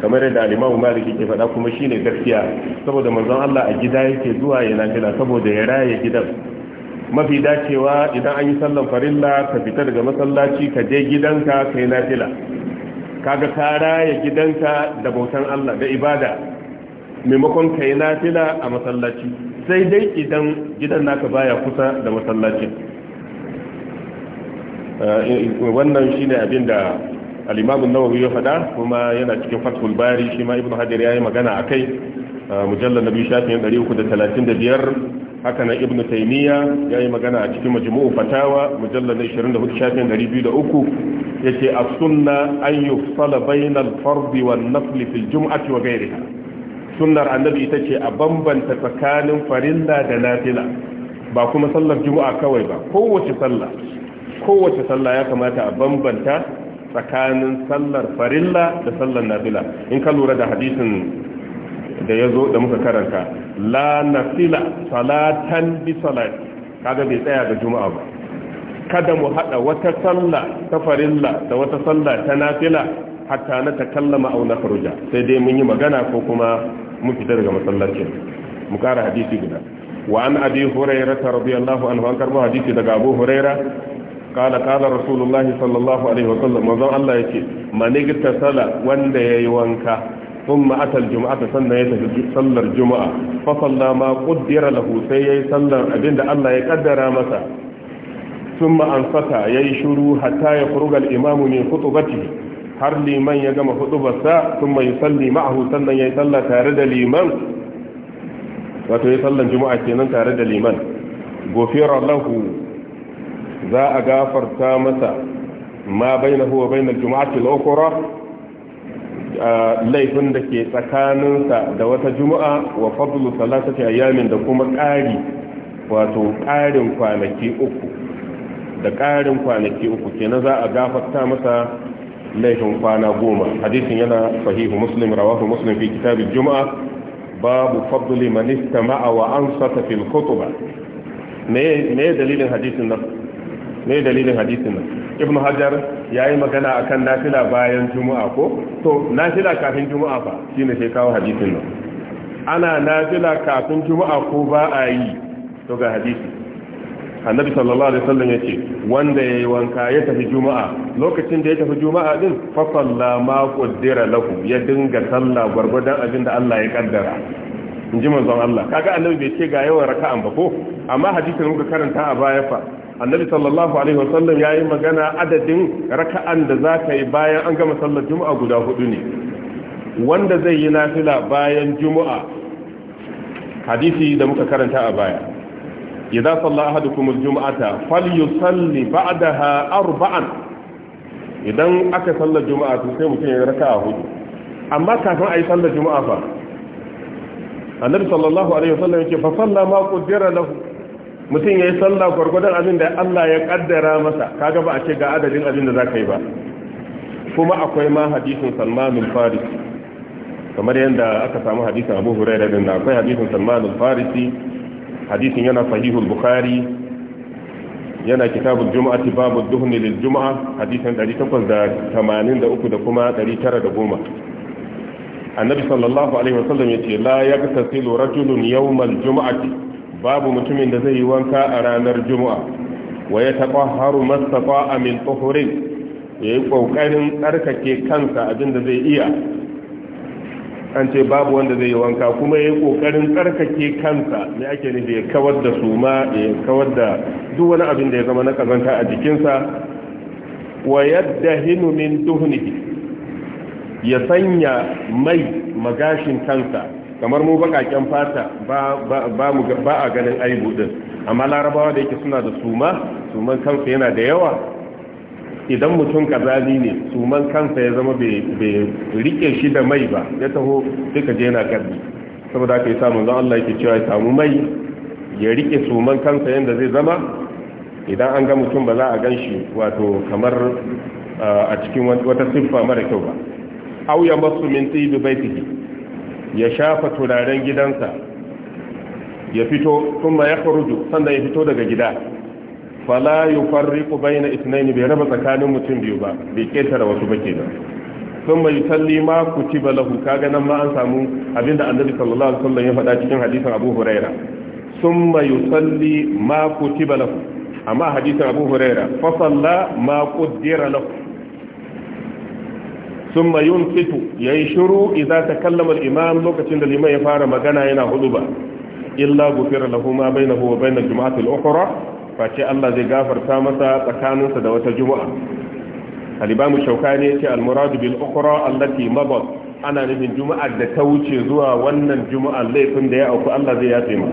A: kamar yadda al-Imam Malik yake faɗa kuma shine gaskiya saboda manzon Allah a gida yake zuwa ya nafila saboda ya raye gidan mafi dacewa idan an yi sallan farilla ka fita daga masallaci ka je gidanka kai nafila kaga ka raya gidanka da bautan Allah da ibada maimakon kai nafila a masallaci sai dai idan gidan naka baya kusa da masallacin eh, wannan shine abin da al-Imam an-Nawawi ya faɗa kuma yana cikin Fathul Bari shi ma Ibn Hajar yayi magana akai mujallal nabi shafin 335 haka nan ibnu taymiya yi magana a cikin majmu'u fatawa mujallal 24 shafin 203 yace as-sunna an yufsala bayna al-fard wa an-nafl fi al-jum'ati wa ghayriha sunnar annabi ita ce a bambanta tsakanin farilla da nafila ba kuma sallar juma'a kawai ba kowace sallah kowace sallah ya kamata a bambanta tsakanin sallar farilla da sallar nafila in ka lura da hadisin da ya zo da muka karanta la fila salatan bi salati kaga bai tsaya da juma'a ba kada mu hada wata sallah ta farilla da wata sallah ta nafila hatta na takallama aw na faruja sai dai mun yi magana ko kuma mun fita daga masallacin mu kara hadisi guda wa an abi hurairah radiyallahu anhu an karbo hadisi daga abu hurairah قال قال رسول الله صلى الله عليه وسلم وذو الله يكي من اغتسل وند يي wanka. ثم أتى الجمعة سنة يتجد صلى الجمعة فصلى ما قدر له سيئي صلى أبين الله يقدر مسا ثم أنصت يشرو حتى يخرج الإمام من خطبته har liman ya gama hudubarsa sun mai salli ma'ahu sannan ya yi salla tare da liman wato ya sallan juma'a kenan tare da liman gofirar lahu za a gafarta masa ma bai na huwa bai na juma'a laifin da ke tsakaninsa da wata juma'a wa fadlu salatati ayyamin da kuma ƙari wato ƙarin kwanaki uku da ƙarin kwanaki uku kenan za a gafata masa laifin kwana goma hadisin yana sahihu muslim rawahu muslim fi kitabin juma'a babu fadli man istama'a wa ansata fil khutbah me dalilin hadisin nan me dalilin hadisin nan ibnu hajar Ya yi magana a kan nafila bayan juma'a ko to nafila kafin juma'a fa shine sai kawo hadisin nan ana nafila kafin juma'a ko ba a yi to ga hadisi annabi sallallahu alaihi wasallam yace wanda yayi wanka ya tafi juma'a lokacin da ya tafi juma'a din fa salla ma qaddara lahu ya dinga salla gwargwadon abin da Allah ya kaddara ji manzon Allah kaga annabi bai ce ga yawan raka'an ba ko amma hadisin muka karanta a baya fa annabi sallallahu alaihi wasallam ya yi magana adadin raka'an da za ka yi bayan an gama sallar juma'a guda hudu ne wanda zai yi nafila bayan juma'a hadisi da muka karanta a baya ya idza salla ahadukum aljum'ata falyusalli ba'daha arba'an idan aka sallar juma'a to sai mutum ya raka'a hudu amma kafin a yi sallar juma'a fa annabi sallallahu alaihi wasallam yake fa salla ma qaddara lahu mutum ya yi sallah gwargwadon abin da Allah ya kaddara masa kaga ba a ce ga adadin abin da za ka yi ba kuma akwai ma hadisin salmanul farisi kamar yadda aka samu hadisin abu huraira din akwai hadisin salmanul farisi hadisin yana sahihul bukhari yana kitabun Juma'a babu duhni lil juma'a hadisin 883 da kuma 910 annabi sallallahu alaihi wasallam yace la yagtasilu rajulun yawmal juma'ati babu mutumin da zai yi wanka a ranar juma'a wa ya taɓa haru mastafa a min tsohorin ya yi ƙoƙarin tsarkake kansa abin da zai iya an ce babu wanda zai yi wanka kuma ya yi ƙoƙarin tsarkake kansa ne ake ne da ya kawar da suma ya kawar da duk wani abin da ya zama na ƙazanta a jikinsa wa yadda hinu min duhunihi ya sanya mai magashin kansa kamar mu bakaken fata ba a ganin aibu din amma larabawa da yake suna da suma suman kansa yana da yawa idan mutum kazali ne suman kansa ya zama bai rike shi da mai ba ya taho duka je yana karbi saboda aka yi samun zan Allah yake cewa ya samu mai ya rike suman kansa yadda zai zama idan an ga mutum ba za a gan shi wato kamar a cikin wata siffa mara kyau ba au ya masu min tsibi baitiki ya shafa turaren gidansa ya fito kuma ya faruju sannan ya fito daga gida fala yi farriku bai na itinaini bai raba tsakanin mutum biyu ba bai ƙetare wasu ba kenan sun mai salli ma ku ci balahu kaga nan ma an samu abinda annabi sallallahu alaihi wasallam ya faɗa cikin hadisin abu huraira sun mai salli ma ku ci balahu amma hadisin abu huraira fa salla ma qaddara lahu ثم da ينشر إذا تكلم الإمام لوكتين الإمام يفار مغانا ينا هدوبا إلا غفر له ما بينه وبين الجمعة الأخرى فأتي الله ذي غافر سامسا تكانون سدوة الجمعة الإمام الشوكاني المراد بالأخرى التي مضت ana nufin juma'ar da ta wuce zuwa wannan juma'ar laifin da ya auki Allah zai yafe mu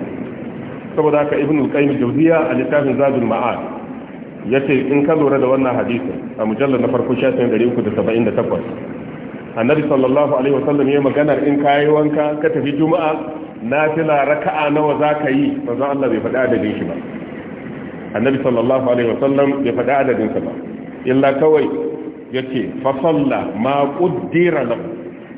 A: saboda haka ibn al-qayyim jawziya a littafin zadul ma'ad yace in ka lura da wannan hadisin a mujallar na farko shafin 378 annabi sallallahu alaihi wasallam ya maganar in kayi wanka ka tafi juma'a na nafila raka'a nawa za ka yi ba manzo Allah bai faɗi adadin shi ba annabi sallallahu alaihi wasallam bai faɗi adadin sa ba illa kawai yace fa salla ma qaddara lahu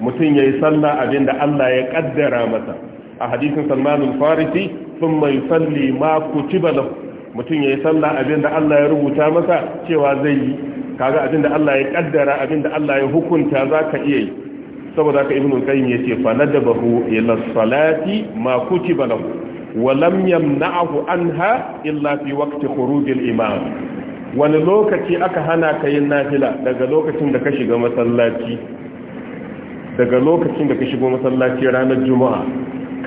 A: mutun yayi salla abinda Allah ya kaddara masa a hadisin Salman al-Farisi thumma yusalli ma kutiba lahu mutun yayi salla abinda Allah ya rubuta masa cewa zai yi kaga abinda Allah ya kaddara abinda Allah ya hukunta zaka iya yi saboda haka ibnu qayyim yace fa nadabahu ila salati ma kutiba lahu wa lam yamna'ahu anha illa fi waqti khuruj al-imam wani lokaci aka hana ka yin nafila daga lokacin da ka shiga masallaci daga lokacin da ka shigo masallaci ranar juma'a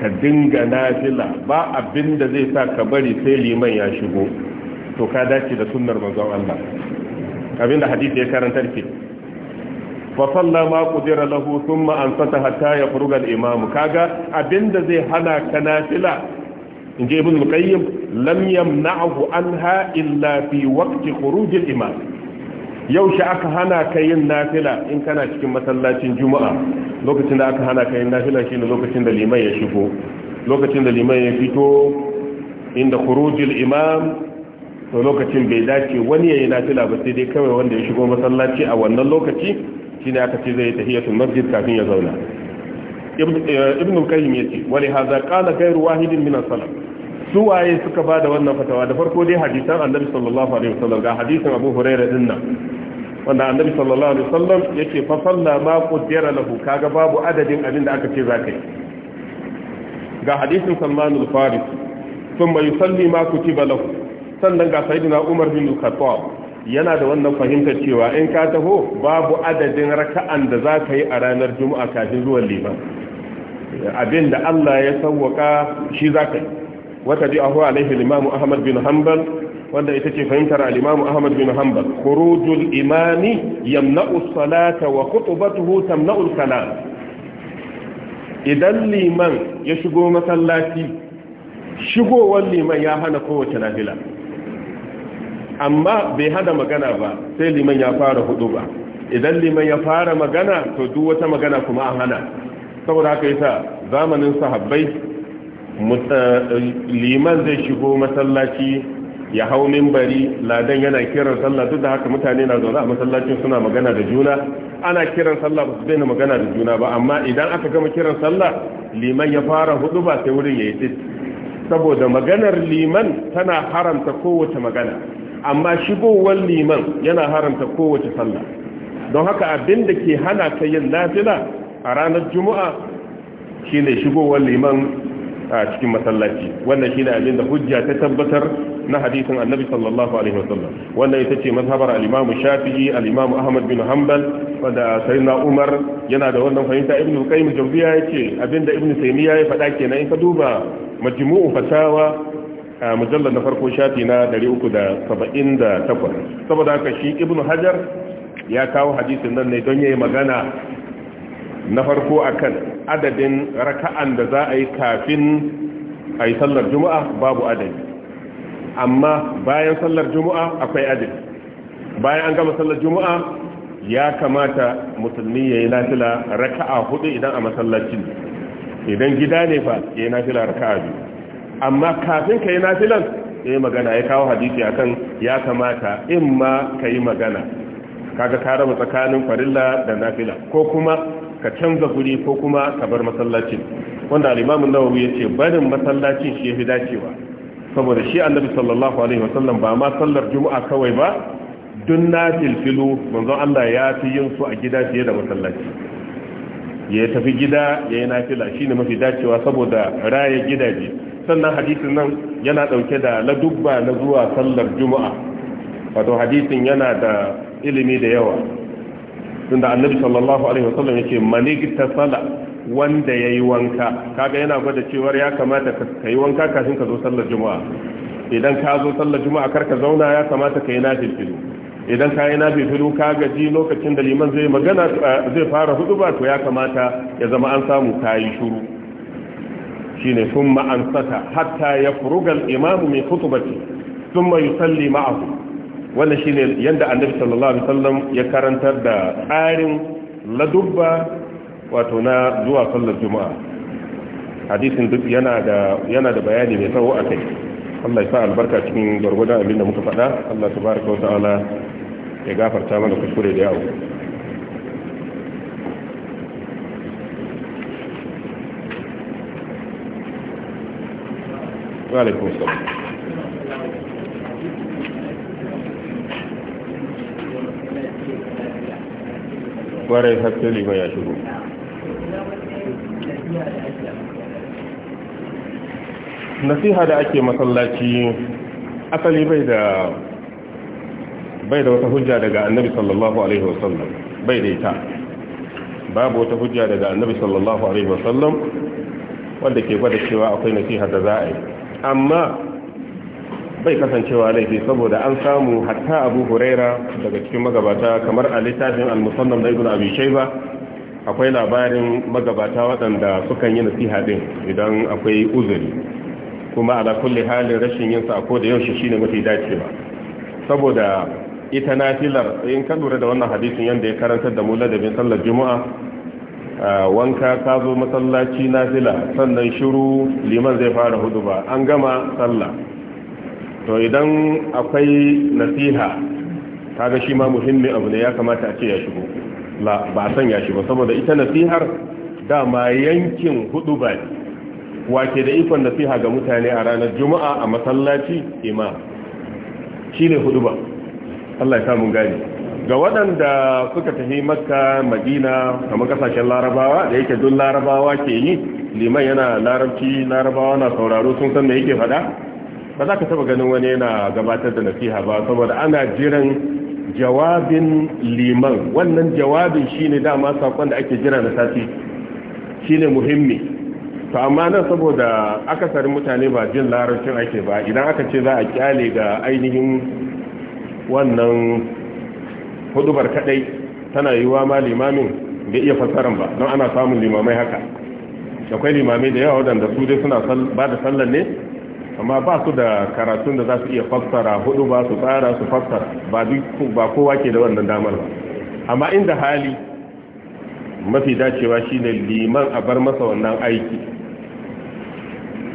A: ka dinga nafila ba abin da zai sa ka bari sai liman ya shigo to ka dace da sunnar manzon Allah Abin da hadisi ya karanta ke fa salla ma qudira lahu thumma ansata hatta yafruga al-imam kaga abinda zai hana kanafila inji ibn al-qayyim lam yamna'hu anha illa fi waqti khuruj al-imam yaushe aka hana ka yin nafila in kana cikin masallacin juma'a lokacin da aka hana ka yin nafila shine lokacin da liman ya shigo lokacin da liman ya fito inda khurujul imam to lokacin bai dace wani yayi nafila ba sai dai kawai wanda ya shigo masallaci a wannan lokaci shine aka ce zai tahiyatul masjid kafin ya zauna eh, ibn al-qayyim yace wali hadha qala ghayru wahidin min as-salaf su waye suka bada wannan fatawa da farko dai hadisan annabi sallallahu alaihi wasallam ga hadisan abu hurairah din wanda annabi sallallahu alaihi wasallam yake fa salla ma qaddara lahu kaga babu adadin abin da aka ce zaka yi ga hadisin salman al-faris thumma yusalli ma kutiba lahu sannan ga sayyidina Umar bin Khattab yana da wannan fahimtar cewa in ka taho babu adadin raka'an da za ka yi a ranar juma'a kafin zuwan liman abin da Allah ya sauwaka shi za ka yi wata bi ahu alaihi limamu ahmad bin hanbal wanda ita ce fahimtar al-imamu ahmad bin hanbal khurujul imani yamna'u salata wa khutbatuhu tamna'u kalam idan liman ya shigo masallaci shigowar liman ya hana kowace nafila amma bai hada magana ba sai liman ya fara hudu ba idan liman ya fara magana to duk wata magana kuma an hana saboda haka yasa zamanin sahabbai eh, liman zai shigo masallaci ya hau minbari ladan yana kiran sallah duk da haka mutane na zaune a masallacin suna magana da juna ana kiran sallah ba su daina magana da juna ba amma idan aka gama kiran sallah liman ya fara hudu ba sai wurin ya yi saboda maganar liman tana haramta kowace magana amma shigowar liman yana haramta kowace sallah don haka abin da ke hana ka yin lafila a ranar juma'a ne shigowar liman a cikin masallaci wannan shine abin da hujja ta tabbatar na hadisin annabi sallallahu alaihi wasallam wannan ita ce mazhabar al-imamu shafi'i al-imamu ahmad bin hanbal wanda sayyidina umar yana da wannan fahimta ibnu qayyim jawziya yace abinda ibn taymiya ya faɗa kenan in ka duba majmu'u fatawa a mujallar na farko shafi na 378 saboda haka shi ibnu hajar ya kawo hadisin nan ne don yayi magana na farko akan adadin raka'an da za a yi kafin a yi sallar juma'a babu adadi amma bayan sallar juma'a akwai adadi bayan an gama sallar juma'a ya kamata musulmi ya yi nafila raka'a hudu idan a masallacin idan gida ne fa ya yi nafila raka'a biyu amma kafin ka yi nafilan ya yi magana ya kawo hadisi akan ya kamata in ma ka yi magana kaga ka rabu tsakanin farilla da nafila ko kuma ka canza guri ko kuma ka bar masallacin wanda alimamin nawawi ya ce barin masallacin shi ya fi dacewa saboda shi annabi sallallahu alaihi wasallam ba ma sallar juma'a kawai ba dun nafil filu manzon Allah ya fi yin su a gida fiye da masallaci ya tafi gida ya yi nafila shine mafi dacewa saboda raye gidaje sannan hadisin nan yana ɗauke da ladubba na zuwa sallar juma'a wato hadisin yana da ilimi da yawa tunda annabi sallallahu alaihi wasallam yake ta sala wanda yayi wanka kaga yana gwada cewa ya kamata ka yi wanka kafin ka zo sallar juma'a idan ka zo sallar juma'a kar ka zauna ya kamata ka yi nafilu idan ka yi nafilu ka gaji lokacin da liman zai magana eh, zai fara hudu ba to ya kamata ya zama an samu kayi shuru shine thumma ansata hatta yafruga al-imam ma khutbati thumma yusalli ma'ahu wannan shine yadda annabi sallallahu alaihi wasallam ya karantar da tsarin ladubba wato na zuwa sallar juma'a hadisin duk yana da yana da bayani mai tsawo akai Allah ya sa albarka cikin gargwadon abin da muka faɗa Allah tabaraka wa ta'ala ya gafarta mana kuskure da yawo wa alaikum assalam
B: kwarai hatta liman ya shigo da ake
A: masallaci asali bai da bai da wata hujja daga annabi sallallahu alaihi wasallam bai da ita babu wata hujja daga annabi sallallahu alaihi wasallam wanda ke gwada cewa akwai nasiha da za a yi amma bai kasancewa laifi saboda an samu hatta abu huraira daga cikin magabata kamar a littafin al-musannam da ibn abi shayba akwai labarin magabata waɗanda sukan yi nasiha din idan akwai uzuri kuma ala kulli halin rashin yin sa ko da yaushe shine mafi dacewa saboda ita nafilar in ka lura da wannan hadisin yanda ya karantar da mu ladabin sallar juma'a wanka ka zo masallaci zila sannan shiru liman zai fara hudu ba an gama sallah to idan akwai nasiha ga shi ma muhimmi abu ne ya kamata a ce ya shigo la ba a sanya shi ba saboda ita nasihar dama yankin hudu ba wake da ikon nasiha ga mutane a ranar juma'a a masallaci imam shine hudu ba Allah ya samun gani ga waɗanda suka tafi makka madina kamar kasashen larabawa da yake dun larabawa ke yi liman yana larabci larabawa na sauraro sun san da yake faɗa ba za ka taba ganin wani yana gabatar da nasiha ba saboda ana jiran jawabin liman wannan jawabin shine dama sakon da ake jira na sati shine muhimmi to amma nan saboda akasarin mutane ba jin larabcin ake ba idan aka ce za a kyale ga ainihin wannan hudubar kadai tana yiwa ma limamin bai iya fassaran ba don ana samun limamai haka akwai limamai da yawa wadanda su dai suna ba da sallar ne amma ba su da karatun da za su iya fassara hudu ba su tsara su fassara ba kowa ke da wannan damar ba amma inda hali mafi dacewa shine liman a bar masa wannan aiki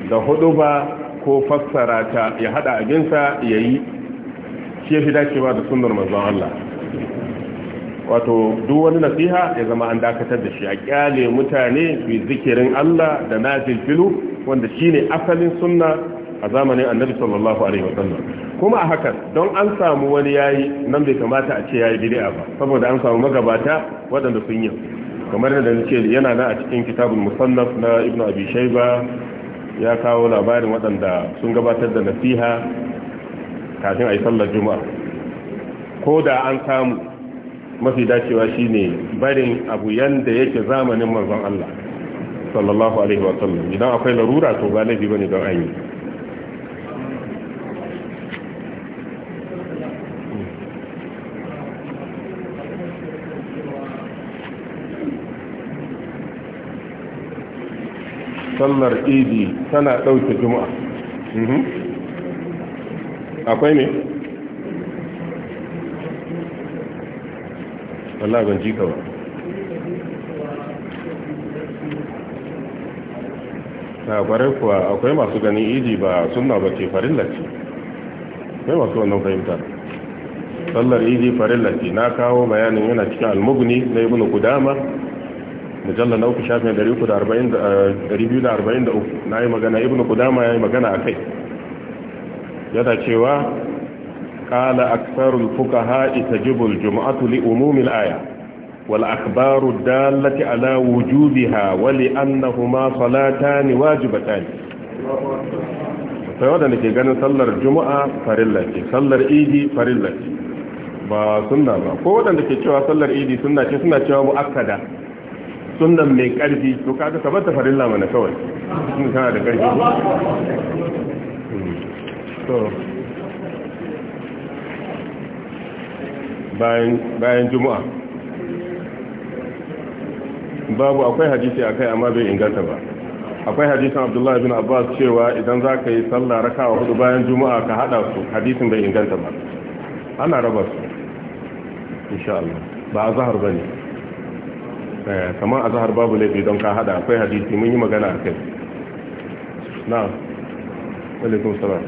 A: da hudu ba ko fassara ta ya hada abinsa ya yi shi ya fi dacewa da sunar mazan Allah wato duk wani nasiha ya zama an dakatar da shi a kyale mutane suyi zikirin Allah da nafil filu wanda ne asalin sunna a zamanin annabi sallallahu alaihi wasallam kuma a hakan don an samu wani yayi nan bai kamata a ce ya yayi bid'a ba saboda an samu magabata waɗanda sun yi kamar da nake yana nan a cikin kitabul musannaf na ibnu abi shaiba ya kawo labarin waɗanda sun gabatar da nasiha kafin a yi sallar juma'a ko da an samu mafi dacewa shine barin abu yadda yake zamanin manzon Allah sallallahu alaihi wa sallam idan akwai larura to ba laifi bane don an yi sallar idi tana ɗauke juma'a mhm. akwai ne Allah ban ji ka ba na bare kuwa akwai masu ganin idi ba suna ba ce farilla ce akwai masu wannan fahimta sallar idi farilla ce na kawo bayanin yana cikin almugni na ibnu gudama mujallar na uku shafin 243 eh, na yi magana ibn kudama ya yi magana a kai yana cewa qala aktharul fuqaha tajibul jum'atu li umumil aya wal akhbaru dallati ala wujubiha wa li annahuma salatan wajibatan sai wadanda ke ganin sallar juma'a sallar idi ba sunna ba ko wadanda ke cewa sallar idi sunna ce suna cewa muakkada sunnan mai karfi to kaga ka farilla mana kawai da karfi
B: to bayan
A: juma'a babu akwai hadisi kai amma bai inganta ba akwai hadisin abdullahi bin abbas cewa idan za ka yi raka wa hudu bayan juma'a ka hada su hadisin bai inganta ba ana raba su insha Allah ba a zahar ba ne eh, kamar a zahar babu laifi don ka hada akwai hadisi mun yi magana a kai na alaikun salam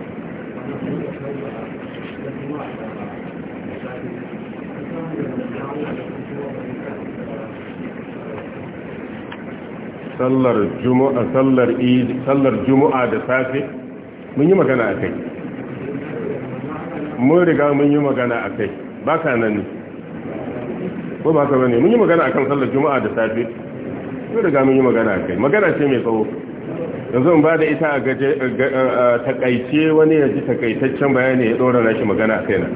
A: sallar juma'a sallar eid sallar juma'a da safe mun yi magana akai mun riga mun yi magana akai ba ka nan ne ko ba ka bane mun yi magana akan sallar juma'a da safe mun riga mun yi magana akai magana ce mai tsawo yanzu mun ba da ita a gaje takaice wani ya ji takaitaccen bayani ya dora nashi magana akai na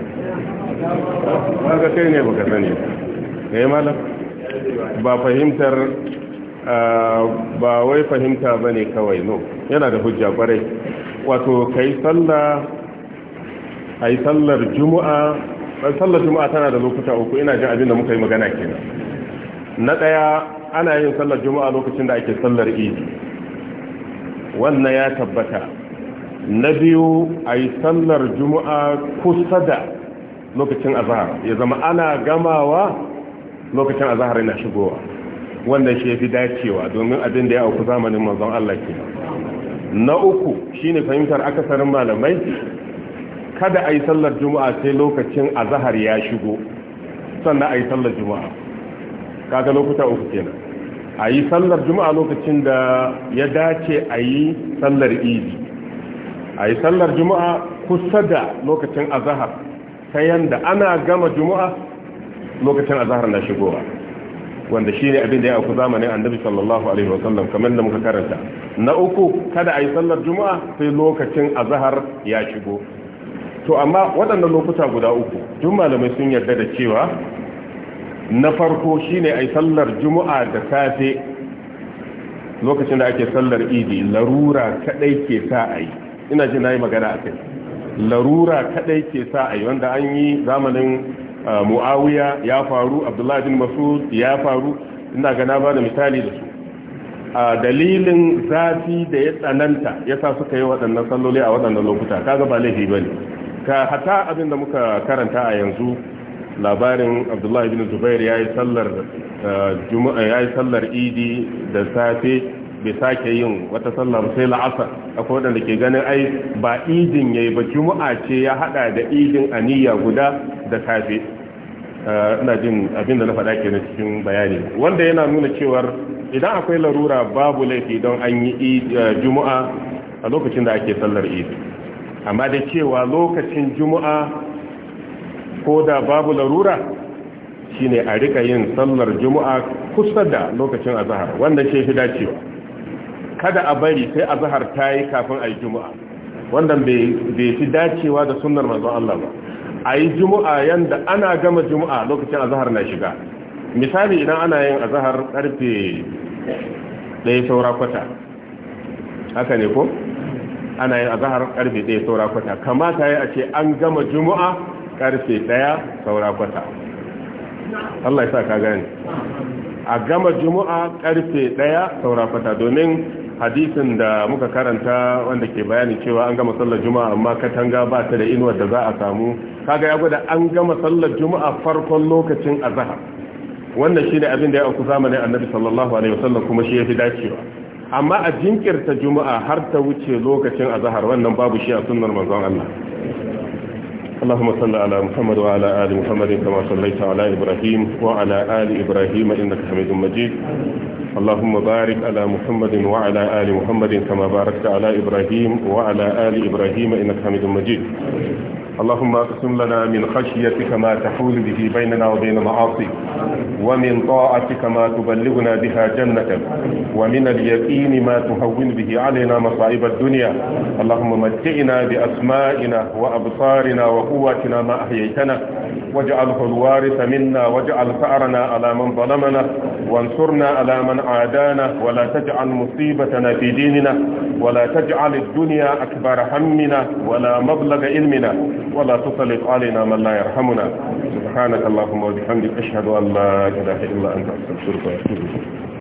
B: ba ka kai ne baka sani
A: ne eh, malam ba fahimtar ba wai fahimta ba ne kawai no yana da hujja kwarai wato ka yi sallah a yi sallar juma'a sallar juma'a tana da lokuta uku ina jin abin da muka yi magana kenan na ɗaya ana yin sallar juma'a lokacin da ake sallar iji wannan ya tabbata na biyu a yi sallar juma'a kusa da lokacin azahar ya zama ana gamawa lokacin azahar yana shigowa wannan shi yafi dacewa domin abin da ya auku zamanin manzon Allah ke na uku shine fahimtar akasarin malamai kada a sallar juma'a sai lokacin azahar ya shigo sannan a yi sallar juma'a kaga lokuta uku kenan a yi sallar juma'a lokacin da ya dace a yi sallar idi a yi sallar juma'a kusa da lokacin azahar ta yanda ana gama juma'a lokacin azahar na shigowa wanda shi ne abin da ya auku zamanin annabi sallallahu alaihi wasallam kamar da muka karanta na uku kada a yi sallar juma'a sai lokacin azahar ya shigo to amma waɗannan lokuta guda uku tun malamai sun yarda da cewa na farko shi ne a yi sallar juma'a da safe lokacin da ake sallar idi larura kaɗai ke sa a yi ina ji na yi magana a kai larura kaɗai ke sa a yi wanda an yi zamanin muawiya ya faru abdullahi bin masud ya faru ina ga na ba da misali da su a dalilin zafi da ya tsananta ya sa suka yi waɗannan salloli a waɗannan lokuta kaga ba laifi ba ne ka hata abin da muka karanta a yanzu labarin abdullahi bin zubair ya yi sallar idi da safe bai sake yin wata sallar sai la'asar akwai waɗanda ke ganin ai ba idin ya yi ba juma'a ce ya haɗa da idin aniya guda da safe Eh, ina jin abin na faɗa ke na cikin bayani wanda yana nuna cewar idan akwai larura babu laifi don an yi eh, juma'a a lokacin da ake sallar idi amma da cewa lokacin juma'a ko da babu larura shine a rika yin sallar juma'a kusa da lokacin azahar wanda ce fi dacewa kada a bari sai azahar ta yi kafin a yi juma'a wanda bai fi dacewa da sunnar manzon Allah ba a yi juma'a yadda ana gama juma'a lokacin azahar na shiga misali idan ana yin azahar karfe ɗaya saura kwata haka ne ko ana yin azahar karfe ɗaya saura kwata kamata ya ce an gama juma'a karfe ɗaya saura kwata Allah ya sa ka gani a gama juma'a karfe ɗaya saura kwata domin hadisin da muka karanta wanda ke bayani cewa an gama sallar juma'a amma katanga ba ta da inuwar da za a samu kaga ya gwada an gama sallar juma'a farkon lokacin azhar wannan shine abin da ya auku zamanin annabi sallallahu alaihi wasallam kuma shi yafi dacewa amma a jinkirta juma'a har ta wuce lokacin azhar wannan babu shi a sunnar manzon Allah اللهم صل على محمد وعلى آل محمد كما صليت على إبراهيم وعلى آل إبراهيم إنك حميد مجيد اللهم بارك على محمد وعلى آل محمد كما باركت على إبراهيم وعلى آل إبراهيم إنك حميد مجيد اللهم اقسم لنا من خشيتك ما تحول به بيننا وبين معاصيك ومن طاعتك ما تبلغنا بها جنتك ومن اليقين ما تهون به علينا مصائب الدنيا اللهم متعنا بأسمائنا وأبصارنا وقواتنا ما أحييتنا واجعله الوارث منا واجعل ثأرنا على من ظلمنا وانصرنا على من عادانا ولا تجعل مصيبتنا في ديننا ولا تجعل الدنيا أكبر همنا ولا مبلغ علمنا ولا تطلق علينا من لا يرحمنا سبحانك اللهم وبحمدك أشهد أن لا إله إلا أنت أستغفرك وأتوب إليك